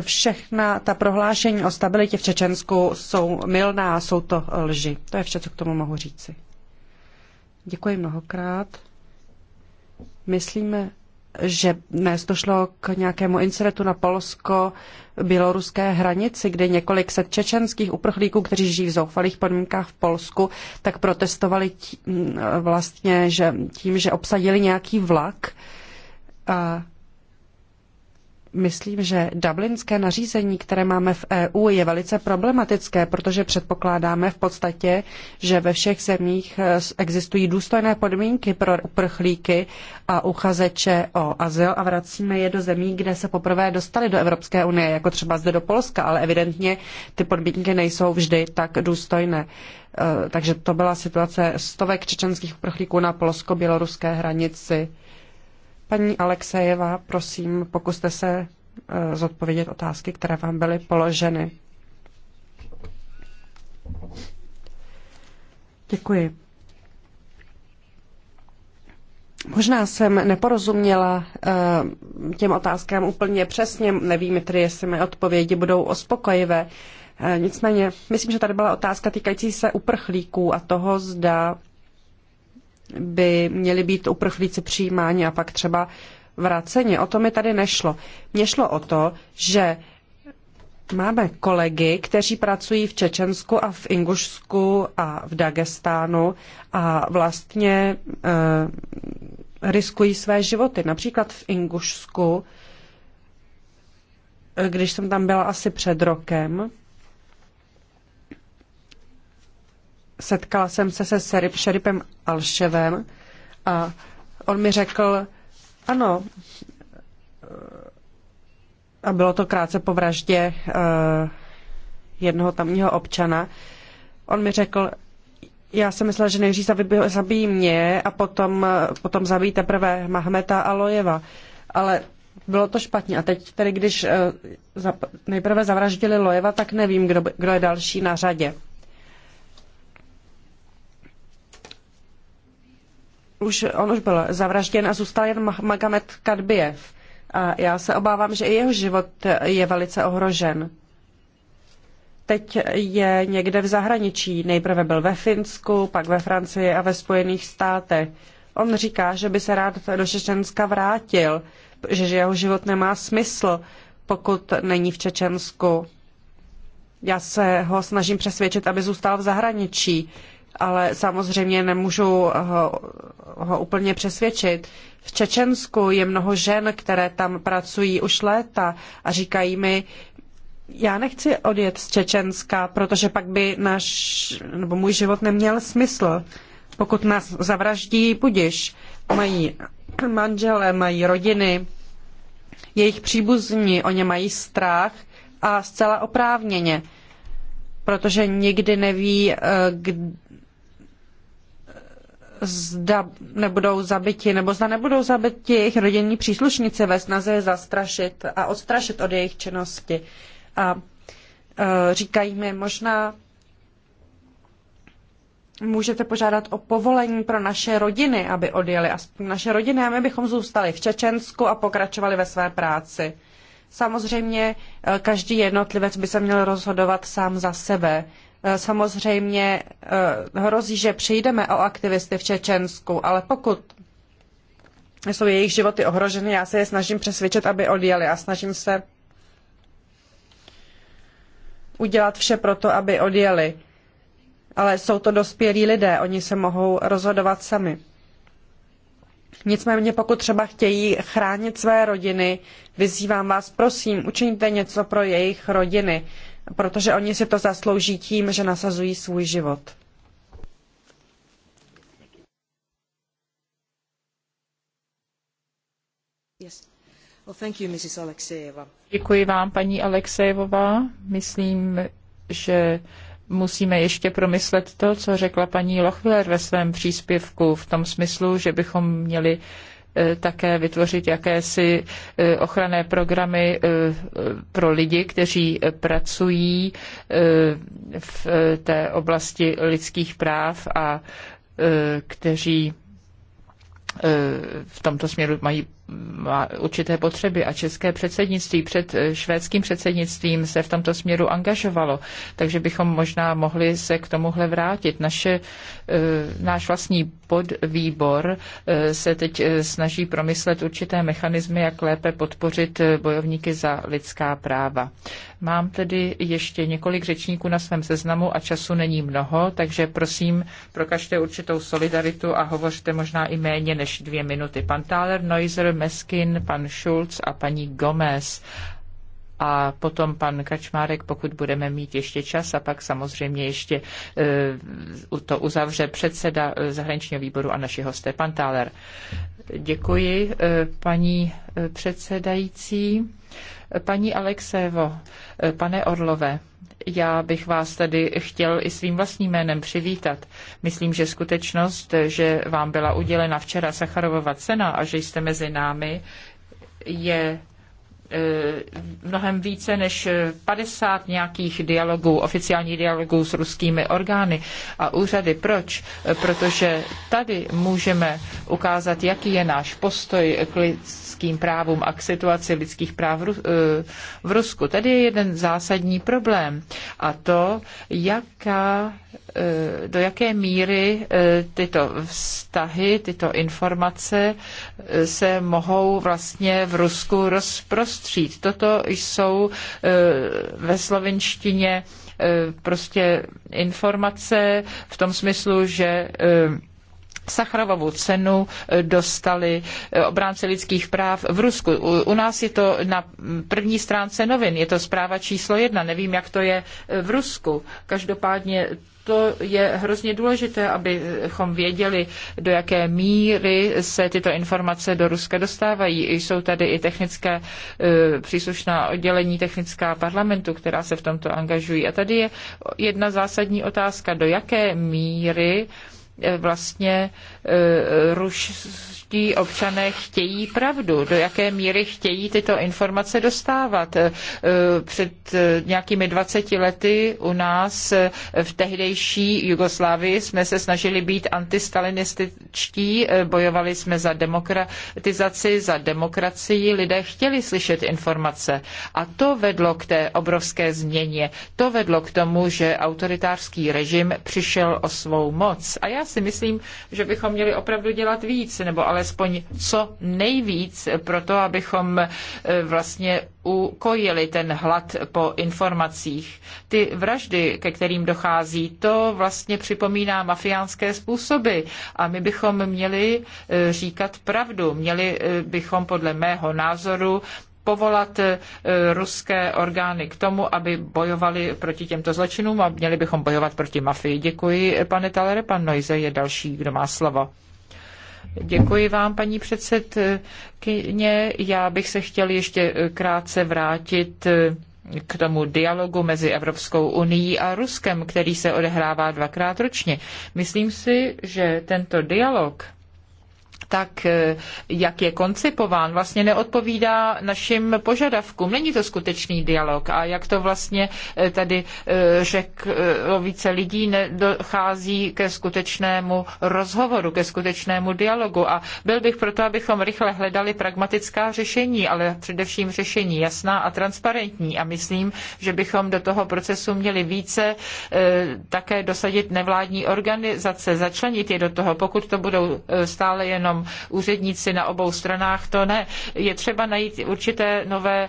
Všechna ta prohlášení o stabilitě v Čečensku jsou milná, jsou to lži. To je vše, co k tomu mohu říci. Děkuji mnohokrát. Myslíme že dnes došlo k nějakému incidentu na polsko-běloruské hranici, kde několik set čečenských uprchlíků, kteří žijí v zoufalých podmínkách v Polsku, tak protestovali tím, vlastně že tím, že obsadili nějaký vlak. A Myslím, že dublinské nařízení, které máme v EU, je velice problematické, protože předpokládáme v podstatě, že ve všech zemích eh, existují důstojné podmínky pro uprchlíky a uchazeče o azyl a vracíme je do zemí, kde se poprvé dostali do Evropské unie, jako třeba zde do Polska, ale evidentně ty podmínky nejsou vždy tak důstojné. Eh, takže to byla situace stovek čečenských uprchlíků na polsko-běloruské hranici. Paní Alexejeva, prosím, pokuste se eh, zodpovědět otázky, které vám byly položeny. Děkuji. Možná jsem neporozuměla eh, těm otázkám úplně přesně, nevím tedy, jestli mé odpovědi budou ospokojivé. Eh, nicméně, myslím, že tady byla otázka týkající se uprchlíků a toho, zda by měli být uprchlíci přijímáni a pak třeba vraceni. O to mi tady nešlo. Mně šlo o to, že máme kolegy, kteří pracují v Čečensku a v Ingušsku a v Dagestánu a vlastně eh, riskují své životy. Například v Ingušsku, eh, když jsem tam byla asi před rokem, setkala jsem se se šerifem šeripem Alševem a on mi řekl, ano, eh, a bylo to krátce po vraždě uh, jednoho tamního občana, on mi řekl, já jsem myslel, že nejdřív zabijí, zabijí mě a potom, eh, potom zabijí teprve Mahmeta a Lojeva. Ale bylo to špatně. A teď tedy, když uh, nejprve zavraždili Lojeva, tak nevím, kdo, kdo je další na řadě. už, on už byl zavražděn a zůstal jen Magamed Kadbiev. A já se obávám, že i jeho život je velice ohrožen. Teď je někde v zahraničí. Nejprve byl ve Finsku, pak ve Francii a ve Spojených státech. On říká, že by se rád do Čečenska vrátil, že jeho život nemá smysl, pokud není v Čečensku. Já se ho snažím přesvědčit, aby zůstal v zahraničí ale samozřejmě nemůžu ho, ho úplně přesvědčit. V Čečensku je mnoho žen, které tam pracují už léta a říkají mi, já nechci odjet z Čečenska, protože pak by náš, nebo můj život neměl smysl. Pokud nás zavraždí, budiš. Mají manžele, mají rodiny, jejich příbuzní, oni mají strach a zcela oprávněně, protože nikdy neví, eh, kdy zda nebudou zabiti, nebo zda nebudou zabiti jejich rodinní příslušníci ve snaze je zastrašit a odstrašit od jejich činnosti. A e, říkají mi, možná můžete požádat o povolení pro naše rodiny, aby odjeli, aspoň naše rodiny, a my bychom zůstali v Čečensku a pokračovali ve své práci. Samozřejmě e, každý jednotlivec by se měl rozhodovat sám za sebe Eh, samozřejmě eh, hrozí, že přijdeme o aktivisty v Čečensku, ale pokud jsou jejich životy ohroženy, já se je snažím přesvědčit, aby odjeli a snažím se udělat vše pro to, aby odjeli. Ale jsou to dospělí lidé, oni se mohou rozhodovat sami. Nicméně pokud třeba chtějí chránit své rodiny, vyzývám vás, prosím, učiňte něco pro jejich rodiny protože oni si to zaslouží tím, že nasazují svůj život. Yes. Well, you, Děkuji vám, paní Alexejevová. Myslím, že musíme ještě promyslet to, co řekla paní Lochwiller ve svém příspěvku v tom smyslu, že bychom měli E, také vytvořit jakési e, ochranné programy e, pro lidi, kteří pracují v té oblasti lidských práv a kteří v tomto směru mají má určité potřeby a české předsednictví před eh, švédským předsednictvím se v tomto směru angažovalo, takže bychom možná mohli se k tomuhle vrátit. Naše, eh, náš vlastní podvýbor eh, se teď snaží promyslet určité mechanismy, jak lépe podpořit bojovníky za lidská práva. Mám tedy ještě několik řečníků na svém seznamu a času není mnoho, takže prosím, prokažte určitou solidaritu a hovořte možná i méně než dvě minuty. Pan Thaler, Neuser, Meskin, pan Schulz a paní Gomez. A potom pan Kačmárek, pokud budeme mít ještě čas, a pak samozřejmě ještě eh, to uzavře předseda eh, zahraničního výboru a naši hosté, pan Táler. Děkuji, eh, paní předsedající. Paní Alexevo, pane Orlové, já bych vás tady chtěl i svým vlastním jménem přivítat. Myslím, že skutečnost, že vám byla udělena včera Sacharovova cena a že jste mezi námi, je Eh, mnohem více než 50 nějakých dialogů, oficiálních dialogů s ruskými orgány a úřady. Proč? Protože tady můžeme ukázat, jaký je náš postoj k lidským právům a k situaci lidských práv v eh, Rusku. Tady je jeden zásadní problém a to, jaká Eh, do jaké míry eh, tyto vztahy, tyto informace eh, se mohou vlastně v Rusku rozprostřít. Toto jsou ve slovenštině prostě informace v tom smyslu, že Sacharovovu cenu dostali obránci lidských práv v Rusku. U, nás je to na první stránce novin, je to zpráva číslo jedna, nevím, jak to je v Rusku. Každopádně to je hrozně důležité, abychom věděli, do jaké míry se tyto informace do Ruska dostávají. Jsou tady i technické e, příslušná oddělení technická parlamentu, která se v tomto angažují. A tady je jedna zásadní otázka, do jaké míry Eh, vlastně eh, ruští občané chtějí pravdu, do jaké míry chtějí tyto informace dostávat. Eh, před nějakými 20 lety u nás v tehdejší Jugoslávii jsme se snažili být antistalinističtí, bojovali jsme za demokratizaci, za demokracii, lidé chtěli slyšet informace a to vedlo k té obrovské změně. To vedlo k tomu, že autoritářský režim přišel o svou moc. A já si myslím, že bychom měli opravdu dělat víc, nebo alespoň co nejvíc pro to, abychom e, vlastně ukojili ten hlad po informacích. Ty vraždy, ke kterým dochází, to vlastně připomíná mafiánské způsoby a my bychom měli e, říkat pravdu. Měli e, bychom podle mého názoru povolat eh, ruské orgány k tomu, aby bojovali proti těmto zločinům a měli bychom bojovat proti mafii. Děkuji, pane Talere. Pan Noize je další, kdo má slovo. Děkuji vám, paní předsedkyně. Já bych se chtěl ještě eh, krátce vrátit eh, k tomu dialogu mezi Evropskou unii a Ruskem, který se odehrává dvakrát ročně. Myslím si, že tento dialog tak, eh, jak je koncipován, vlastně neodpovídá našim požadavkům. Není to skutečný dialog a jak to vlastně eh, tady eh, řeklo více lidí, nedochází ke skutečnému rozhovoru, ke skutečnému dialogu a byl bych proto, abychom rychle hledali pragmatická řešení, ale především řešení jasná a transparentní a myslím, že bychom do toho procesu měli více také dosadit nevládní organizace, začlenit je do toho, pokud to budou stále jenom jenom úředníci na obou stranách, to ne. Je třeba najít určité nové e,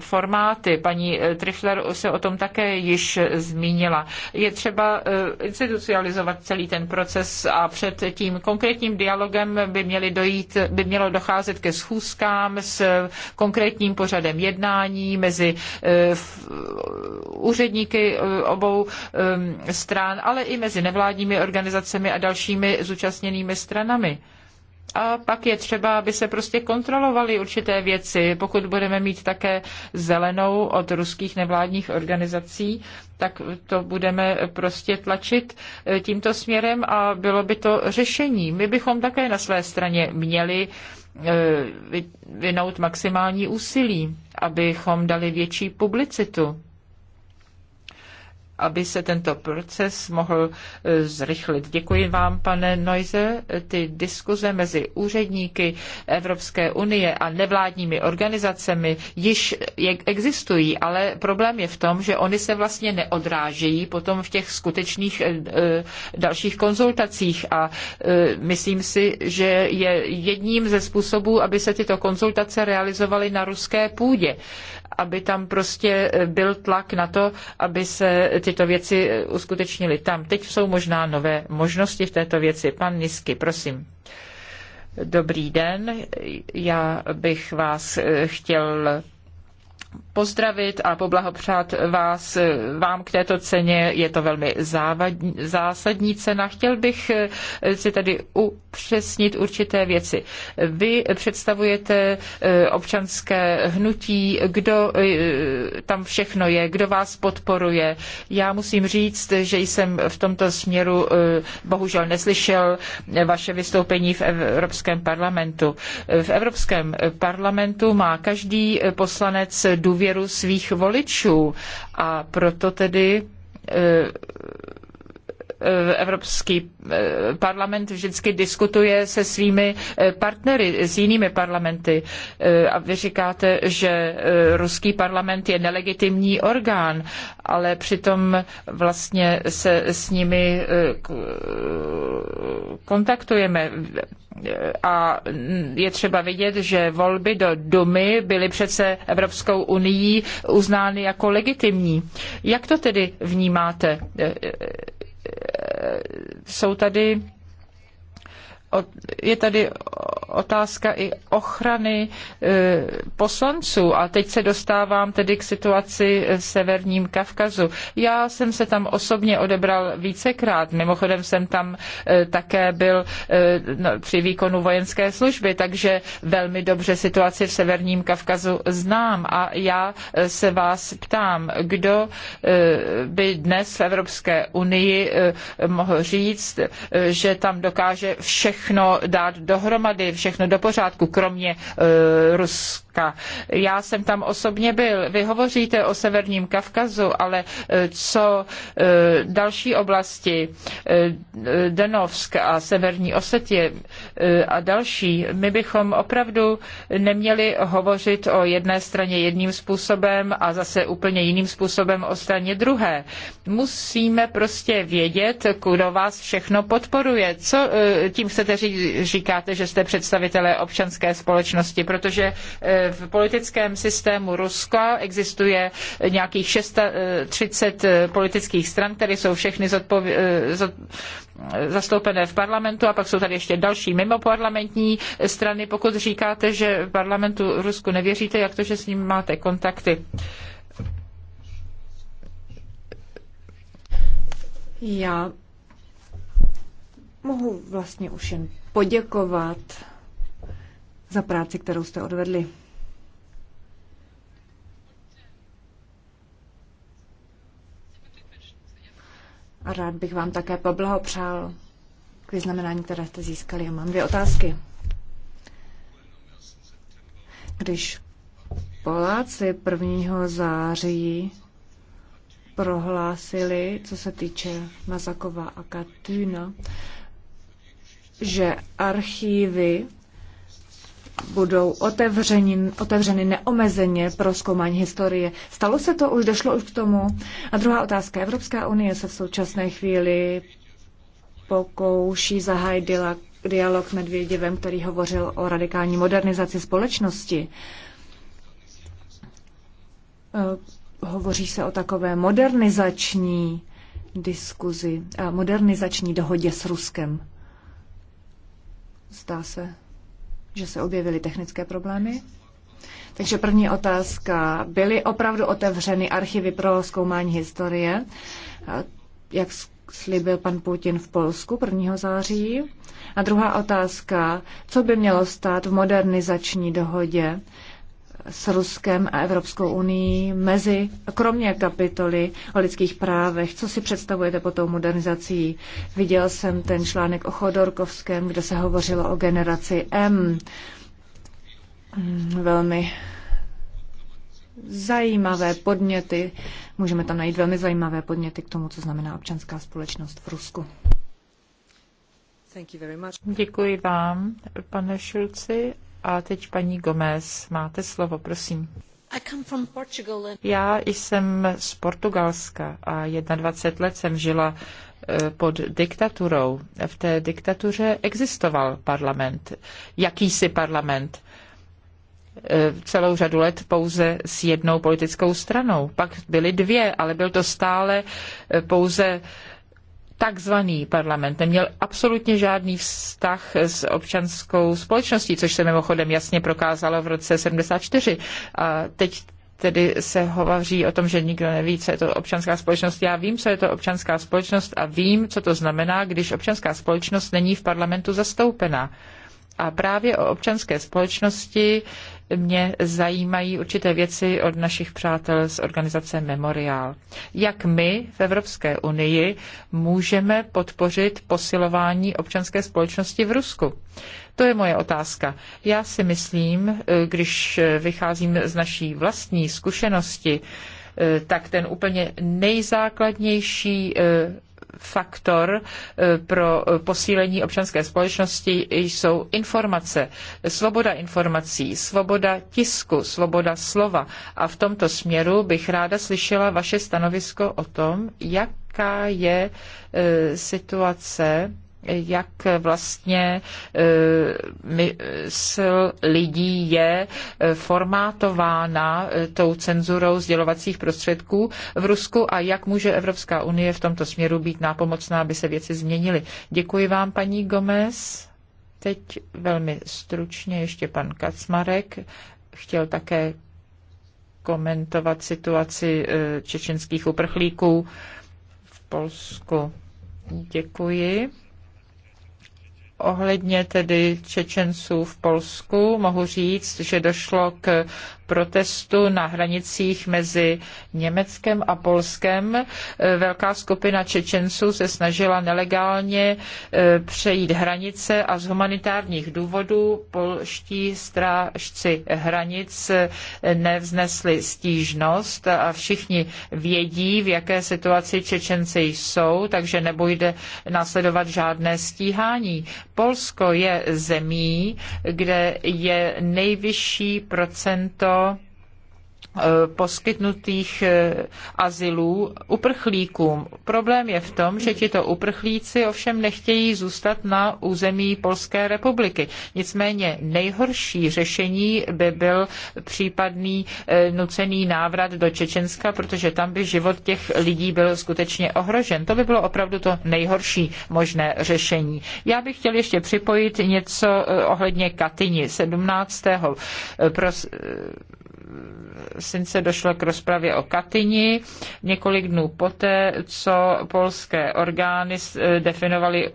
formáty. Paní e, Trichler se o tom také již zmínila. Je třeba e, institucionalizovat celý ten proces a před tím konkrétním dialogem by, měly dojít, by mělo docházet ke schůzkám s konkrétním pořadem jednání mezi úředníky obou stran, ale i mezi nevládními organizacemi a dalšími zúčastněnými stranami a pak je třeba, aby se prostě kontrolovaly určité věci. Pokud budeme mít také zelenou od ruských nevládních organizací, tak to budeme prostě tlačit eh, tímto směrem a bylo by to řešení. My bychom také na své straně měli eh, vynout maximální úsilí, abychom dali větší publicitu aby se tento proces mohl e, zrychlit. Děkuji vám, pane Noize. Ty diskuze mezi úředníky Evropské unie a nevládními organizacemi již existují, ale problém je v tom, že oni se vlastně neodrážejí potom v těch skutečných e, e, dalších konzultacích a myslím si, že je jedním ze způsobů, aby se tyto konzultace realizovaly na ruské půdě aby tam prostě eh, byl tlak na to, aby se tyto věci eh, uskutečnily tam. Teď jsou možná nové možnosti v této věci. Pan Nisky, prosím. Dobrý den, já bych vás eh, chtěl pozdravit a poblahopřát vás, eh, vám k této ceně. Je to velmi závadní, zásadní cena. Chtěl bych eh, si tady upřesnit určité věci. Vy představujete eh, občanské hnutí, kdo tam všechno je, kdo vás podporuje. Já musím říct, že jsem v tomto směru bohužel neslyšel vaše vystoupení v Evropském parlamentu. V Evropském parlamentu má každý poslanec důvěru svých voličů. A proto tedy eh, Eh, Evropský eh, parlament vždycky diskutuje se svými eh, partnery, s jinými parlamenty. A vy říkáte, že ruský parlament je nelegitimní orgán, ale přitom vlastně se s nimi kontaktujeme a je třeba vidět, že volby do Dumy byly přece Evropskou unii uznány jako legitimní. Jak to tedy vnímáte? jsou tady je tady otázka i ochrany e, poslanců. A teď se dostávám tedy k situaci v Severním Kavkazu. Já jsem se tam osobně odebral vícekrát. Mimochodem jsem tam e, také byl e, no, při výkonu vojenské služby, takže velmi dobře situaci v Severním Kavkazu znám. A já se vás ptám, kdo by dnes v Evropské unii mohl říct, že tam dokáže všechno všechno dát dohromady, všechno do pořádku, kromě eh, Ruska Kavka. Já jsem tam osobně byl. Vy hovoříte o Severním Kavkazu, ale e, co e, další oblasti, e, Denovsk a Severní Osetě a další, my bychom opravdu neměli hovořit o jedné straně jedním způsobem a zase úplně jiným způsobem o straně druhé. Musíme prostě vědět, kdo vás všechno podporuje. Co tím chcete říct? Říkáte, že jste představitelé občanské společnosti, protože v politickém systému Ruska existuje nějakých 630 eh, politických stran, které jsou všechny zodpově- eh, zastoupené v parlamentu a pak jsou tady ještě další mimoparlamentní strany. Pokud říkáte, že parlamentu Rusku nevěříte, jak to, že s ním máte kontakty? Já mohu vlastně už jen poděkovat za práci, kterou jste odvedli. A rád bych vám také poblahopřál k vyznamenání, které jste získali. Já mám dvě otázky. Když Poláci 1. září prohlásili, co se týče Mazakova a Katýna, že archívy budou otevřeni, otevřeny neomezeně pro zkoumání historie. Stalo se to už, došlo už k tomu? A druhá otázka. Evropská unie se v současné chvíli pokouší zahájit dialog s Medvěděvem, který hovořil o radikální modernizaci společnosti. Eh, hovoří se o takové modernizační diskuzi, modernizační dohodě s Ruskem. Zdá se, že se objevily technické problémy. Takže první otázka. Byly opravdu otevřeny archivy pro zkoumání historie, jak slíbil pan Putin v Polsku 1. září? A druhá otázka. Co by mělo stát v modernizační dohodě s Ruskem a Evropskou unii mezi, kromě kapitoly o lidských právech. Co si představujete po tou modernizací? Viděl jsem ten článek o Chodorkovském, kde se hovořilo o generaci M. Mm, velmi zajímavé podněty. Můžeme tam najít velmi zajímavé podněty k tomu, co znamená občanská společnost v Rusku. Děkuji vám, pane Šulci. A teď paní Gomez, máte slovo, prosím. Já jsem z Portugalska a 21 let jsem žila e, pod diktaturou. V té diktatuře existoval parlament, jakýsi parlament, e, celou řadu let pouze s jednou politickou stranou. Pak byly dvě, ale byl to stále e, pouze takzvaný parlament, neměl absolutně žádný vztah s občanskou společností, což se mimochodem jasně prokázalo v roce 74. A teď tedy se hovoří o tom, že nikdo neví, co je to občanská společnost. Já vím, co je to občanská společnost a vím, co to znamená, když občanská společnost není v parlamentu zastoupena. A právě o občanské společnosti mě zajímají určité věci od našich přátel z organizace Memorial. Jak my v Evropské unii můžeme podpořit posilování občanské společnosti v Rusku? To je moje otázka. Já si myslím, eh, když vycházím z naší vlastní zkušenosti, eh, tak ten úplně nejzákladnější eh, faktor eh, pro posílení občanské společnosti jsou informace. Svoboda informací, svoboda tisku, svoboda slova. A v tomto směru bych ráda slyšela vaše stanovisko o tom, jaká je eh, situace jak vlastně e, mysl lidí je e, formátována e, tou cenzurou sdělovacích prostředků v Rusku a jak může Evropská unie v tomto směru být nápomocná, aby se věci změnily. Děkuji vám, paní Gomez. Teď velmi stručně ještě pan Kacmarek chtěl také komentovat situaci čečenských uprchlíků v Polsku. Děkuji. Ohledně tedy Čečenců v Polsku mohu říct, že došlo k protestu na hranicích mezi Německem a Polskem. E, velká skupina Čečenců se snažila nelegálně e, přejít hranice a z humanitárních důvodů polští strážci hranic e, nevznesli stížnost a všichni vědí, v jaké situaci Čečenci jsou, takže nebojde následovat žádné stíhání. Polsko je zemí, kde je nejvyšší procento pro, Eh, poskytnutých eh, azylů uprchlíkům. Problém je v tom, že tito uprchlíci ovšem nechtějí zůstat na území Polské republiky. Nicméně nejhorší řešení by byl případný eh, nucený návrat do Čečenska, protože tam by život těch lidí byl skutečně ohrožen. To by bylo opravdu to nejhorší možné řešení. Já bych chtěl ještě připojit něco ohledně Katyni 17. Pros- sice došlo k rozpravě o Katyni. Několik dnů poté, co polské orgány definovaly uh,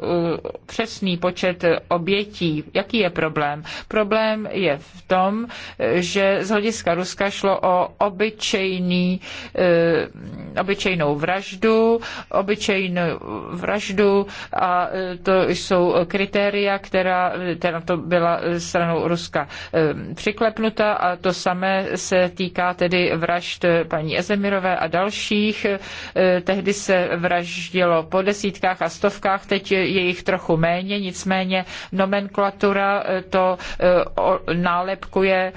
přesný počet obětí. Jaký je problém? Problém je v tom, že z hlediska Ruska šlo o obyčejný, eh, obyčejnou vraždu, obyčejnou vraždu a eh, to jsou kritéria, která, která to byla eh, stranou Ruska přiklepnuta a to samé se týká tedy vražd paní Ezemirové a dalších. Eh, tehdy se vraždilo po desítkách a stovkách, teď je jich trochu méně, nicméně nomenklatura eh, to eh, nálepkuje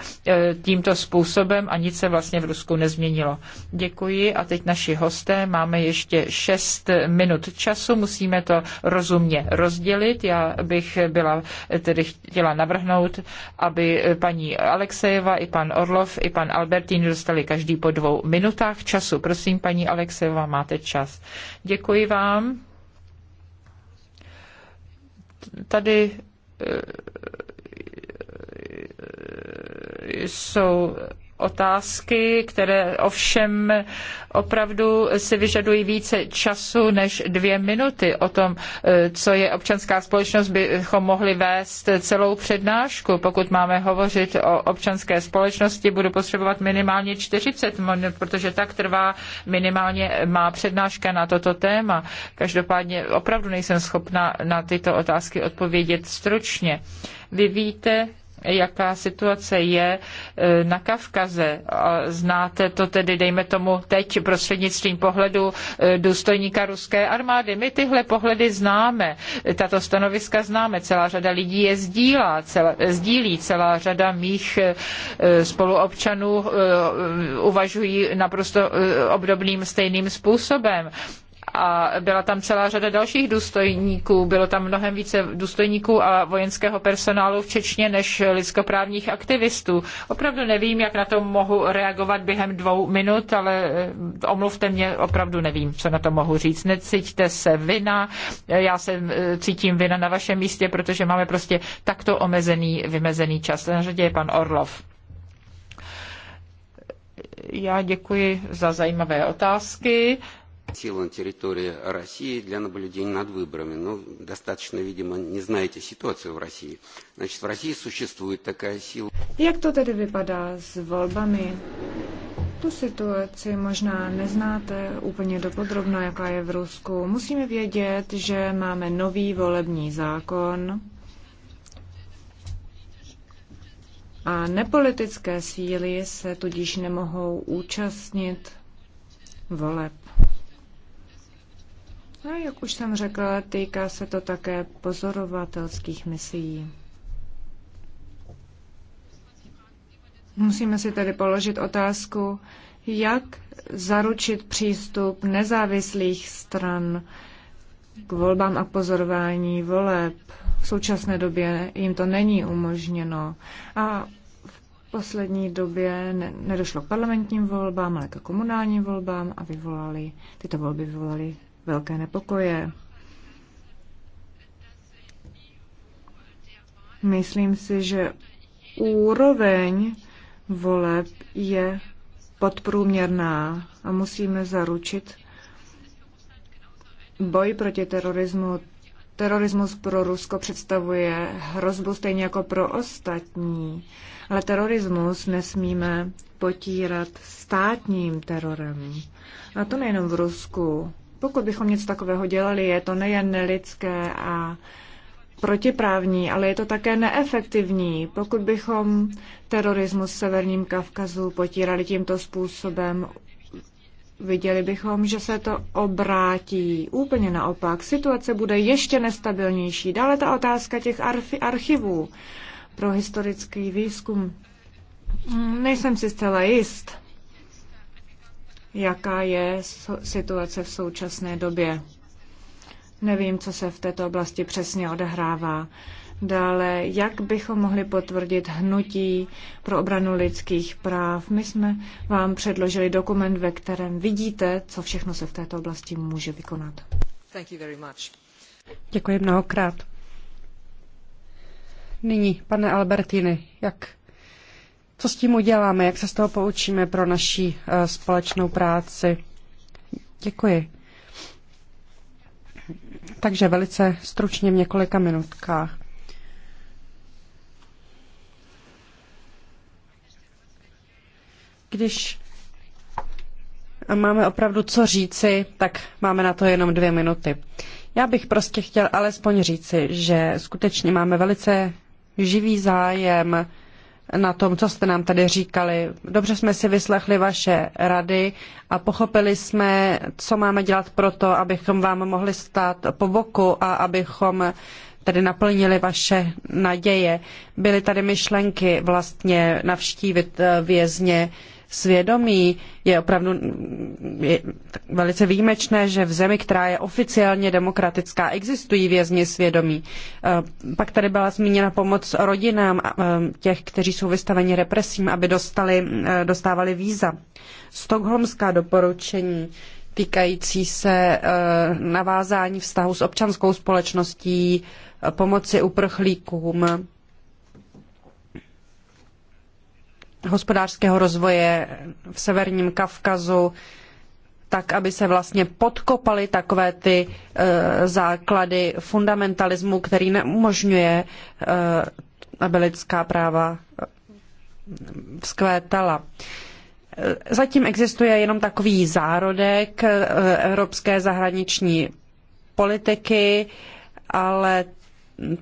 tímto způsobem a nic se vlastně v Rusku nezměnilo. Děkuji a teď naši hosté. Máme ještě šest minut času, musíme to rozumně rozdělit. Já bych byla tedy chtěla navrhnout, aby paní Alexejeva i pan Orlov i pan Albertín dostali každý po dvou minutách času. Prosím, paní Alexeva, máte čas. Děkuji vám. Tady eh, jsou otázky, které ovšem opravdu si vyžadují více času než dvě minuty o tom, eh, co je občanská společnost, bychom mohli vést celou přednášku. Pokud máme hovořit o občanské společnosti, budu potřebovat minimálně 40 minut, protože tak trvá minimálně má přednáška na toto téma. Každopádně opravdu nejsem schopna na tyto otázky odpovědět stručně. Vy víte, jaká situace je e, na Kavkaze. Znáte to tedy, dejme tomu, teď prostřednictvím pohledu e, důstojníka ruské armády. My tyhle pohledy známe, tato stanoviska známe, celá řada lidí je sdílá, celá, sdílí, celá řada mých e, spoluobčanů uvažují naprosto obdobným stejným způsobem a byla tam celá řada dalších důstojníků. Bylo tam mnohem více důstojníků a vojenského personálu včetně než lidskoprávních aktivistů. Opravdu nevím, jak na to mohu reagovat během dvou minut, ale eh, omluvte mě, opravdu nevím, co na to mohu říct. Necítíte se vina, já se eh, cítím vina na vašem místě, protože máme prostě takto omezený, vymezený čas. Na řadě je pan Orlov. Já děkuji za zajímavé otázky сил на территории России для наблюдения над выборами. Ну, достаточно, видимо, не знаете ситуацию в России. Значит, в России существует такая сила. Как Jak to tedy vypadá s volbami? Tu situaci možná neznáte úplně dopodrobna, jaká je v Rusku. Musíme vědět, že máme новый volební закон. a nepolitické síly se tudíž nemohou účastnit voleb. No, jak už jsem řekla, týká se to také pozorovatelských misií. Musíme si tedy položit otázku, jak zaručit přístup nezávislých stran k volbám a pozorování voleb. V současné době jim to není umožněno. A v poslední době nedošlo k parlamentním volbám, ale k komunálním volbám a vyvolali, tyto volby vyvolaly velké nepokoje. Myslím si, že úroveň voleb je podprůměrná a musíme zaručit boj proti terorismu. Terorismus pro Rusko představuje hrozbu stejně jako pro ostatní, ale terorismus nesmíme potírat státním terorem. A to nejenom v Rusku, pokud bychom něco takového dělali, je to nejen nelidské a protiprávní, ale je to také neefektivní. Pokud bychom terorismus v Severním Kavkazu potírali tímto způsobem, viděli bychom, že se to obrátí. Úplně naopak, situace bude ještě nestabilnější. Dále ta otázka těch archivů pro historický výzkum. Nejsem si zcela jist jaká je situace v současné době. Nevím, co se v této oblasti přesně odehrává. Dále, jak bychom mohli potvrdit hnutí pro obranu lidských práv? My jsme vám předložili dokument, ve kterém vidíte, co všechno se v této oblasti může vykonat. Děkuji mnohokrát. Nyní, pane Albertini, jak co s tím uděláme? Jak se z toho poučíme pro naší eh, společnou práci? Děkuji. Takže velice stručně v několika minutkách. Když máme opravdu co říci, tak máme na to jenom dvě minuty. Já bych prostě chtěl alespoň říci, že skutečně máme velice živý zájem na tom, co jste nám tady říkali. Dobře jsme si vyslechli vaše rady a pochopili jsme, co máme dělat pro to, abychom vám mohli stát po boku a abychom tedy naplnili vaše naděje. Byly tady myšlenky vlastně navštívit eh, vězně svědomí. Je opravdu je velice výjimečné, že v zemi, která je oficiálně demokratická, existují vězni svědomí. Eh, pak tady byla zmíněna pomoc rodinám eh, těch, kteří jsou vystaveni represím, aby dostali, eh, dostávali víza. Stockholmská doporučení týkající se navázání vztahu s občanskou společností, pomoci uprchlíkům, hospodářského rozvoje v severním Kavkazu, tak aby se vlastně podkopaly takové ty e, základy fundamentalismu, který neumožňuje, e, aby lidská práva e, vzkvétala. E, zatím existuje jenom takový zárodek e, evropské zahraniční politiky, ale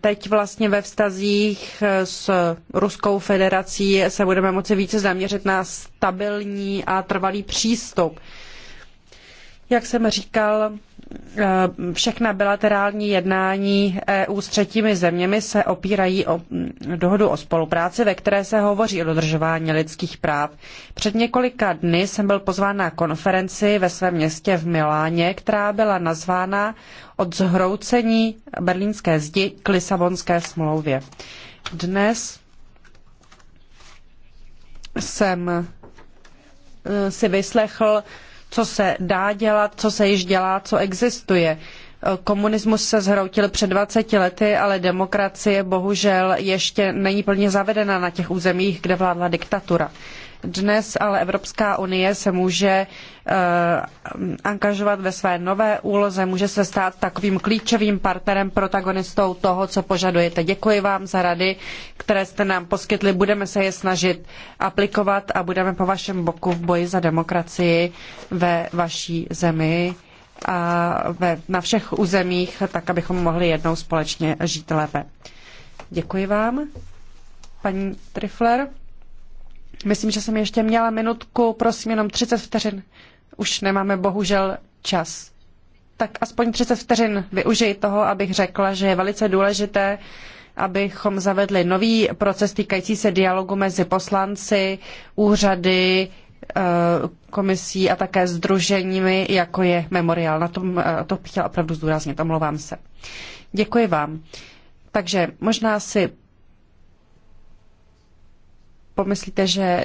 teď vlastně ve vztazích eh, s Ruskou federací se budeme moci více zaměřit na stabilní a trvalý přístup jak jsem říkal, eh, všechna bilaterální jednání EU s třetími zeměmi se opírají o mm, dohodu o spolupráci, ve které se hovoří o dodržování lidských práv. Před několika dny jsem byl pozván na konferenci ve svém městě v Miláně, která byla nazvána od zhroucení berlínské zdi k Lisabonské smlouvě. Dnes jsem eh, si vyslechl co se dá dělat, co se již dělá, co existuje. Komunismus se zhroutil před 20 lety, ale demokracie bohužel ještě není plně zavedena na těch územích, kde vládla diktatura. Dnes ale Evropská unie se může eh, angažovat ve své nové úloze, může se stát takovým klíčovým partnerem, protagonistou toho, co požadujete. Děkuji vám za rady, které jste nám poskytli. Budeme se je snažit aplikovat a budeme po vašem boku v boji za demokracii ve vaší zemi a ve, na všech územích, tak abychom mohli jednou společně žít lépe. Děkuji vám, paní Trifler. Myslím, že jsem ještě měla minutku, prosím, jenom 30 vteřin. Už nemáme bohužel čas. Tak aspoň 30 vteřin využij toho, abych řekla, že je velice důležité, abychom zavedli nový proces týkající se dialogu mezi poslanci, úřady, eh, komisí a také združeními, jako je memoriál. Na tom eh, to bych chtěla opravdu zdůraznit, omlouvám se. Děkuji vám. Takže možná si pomyslíte, že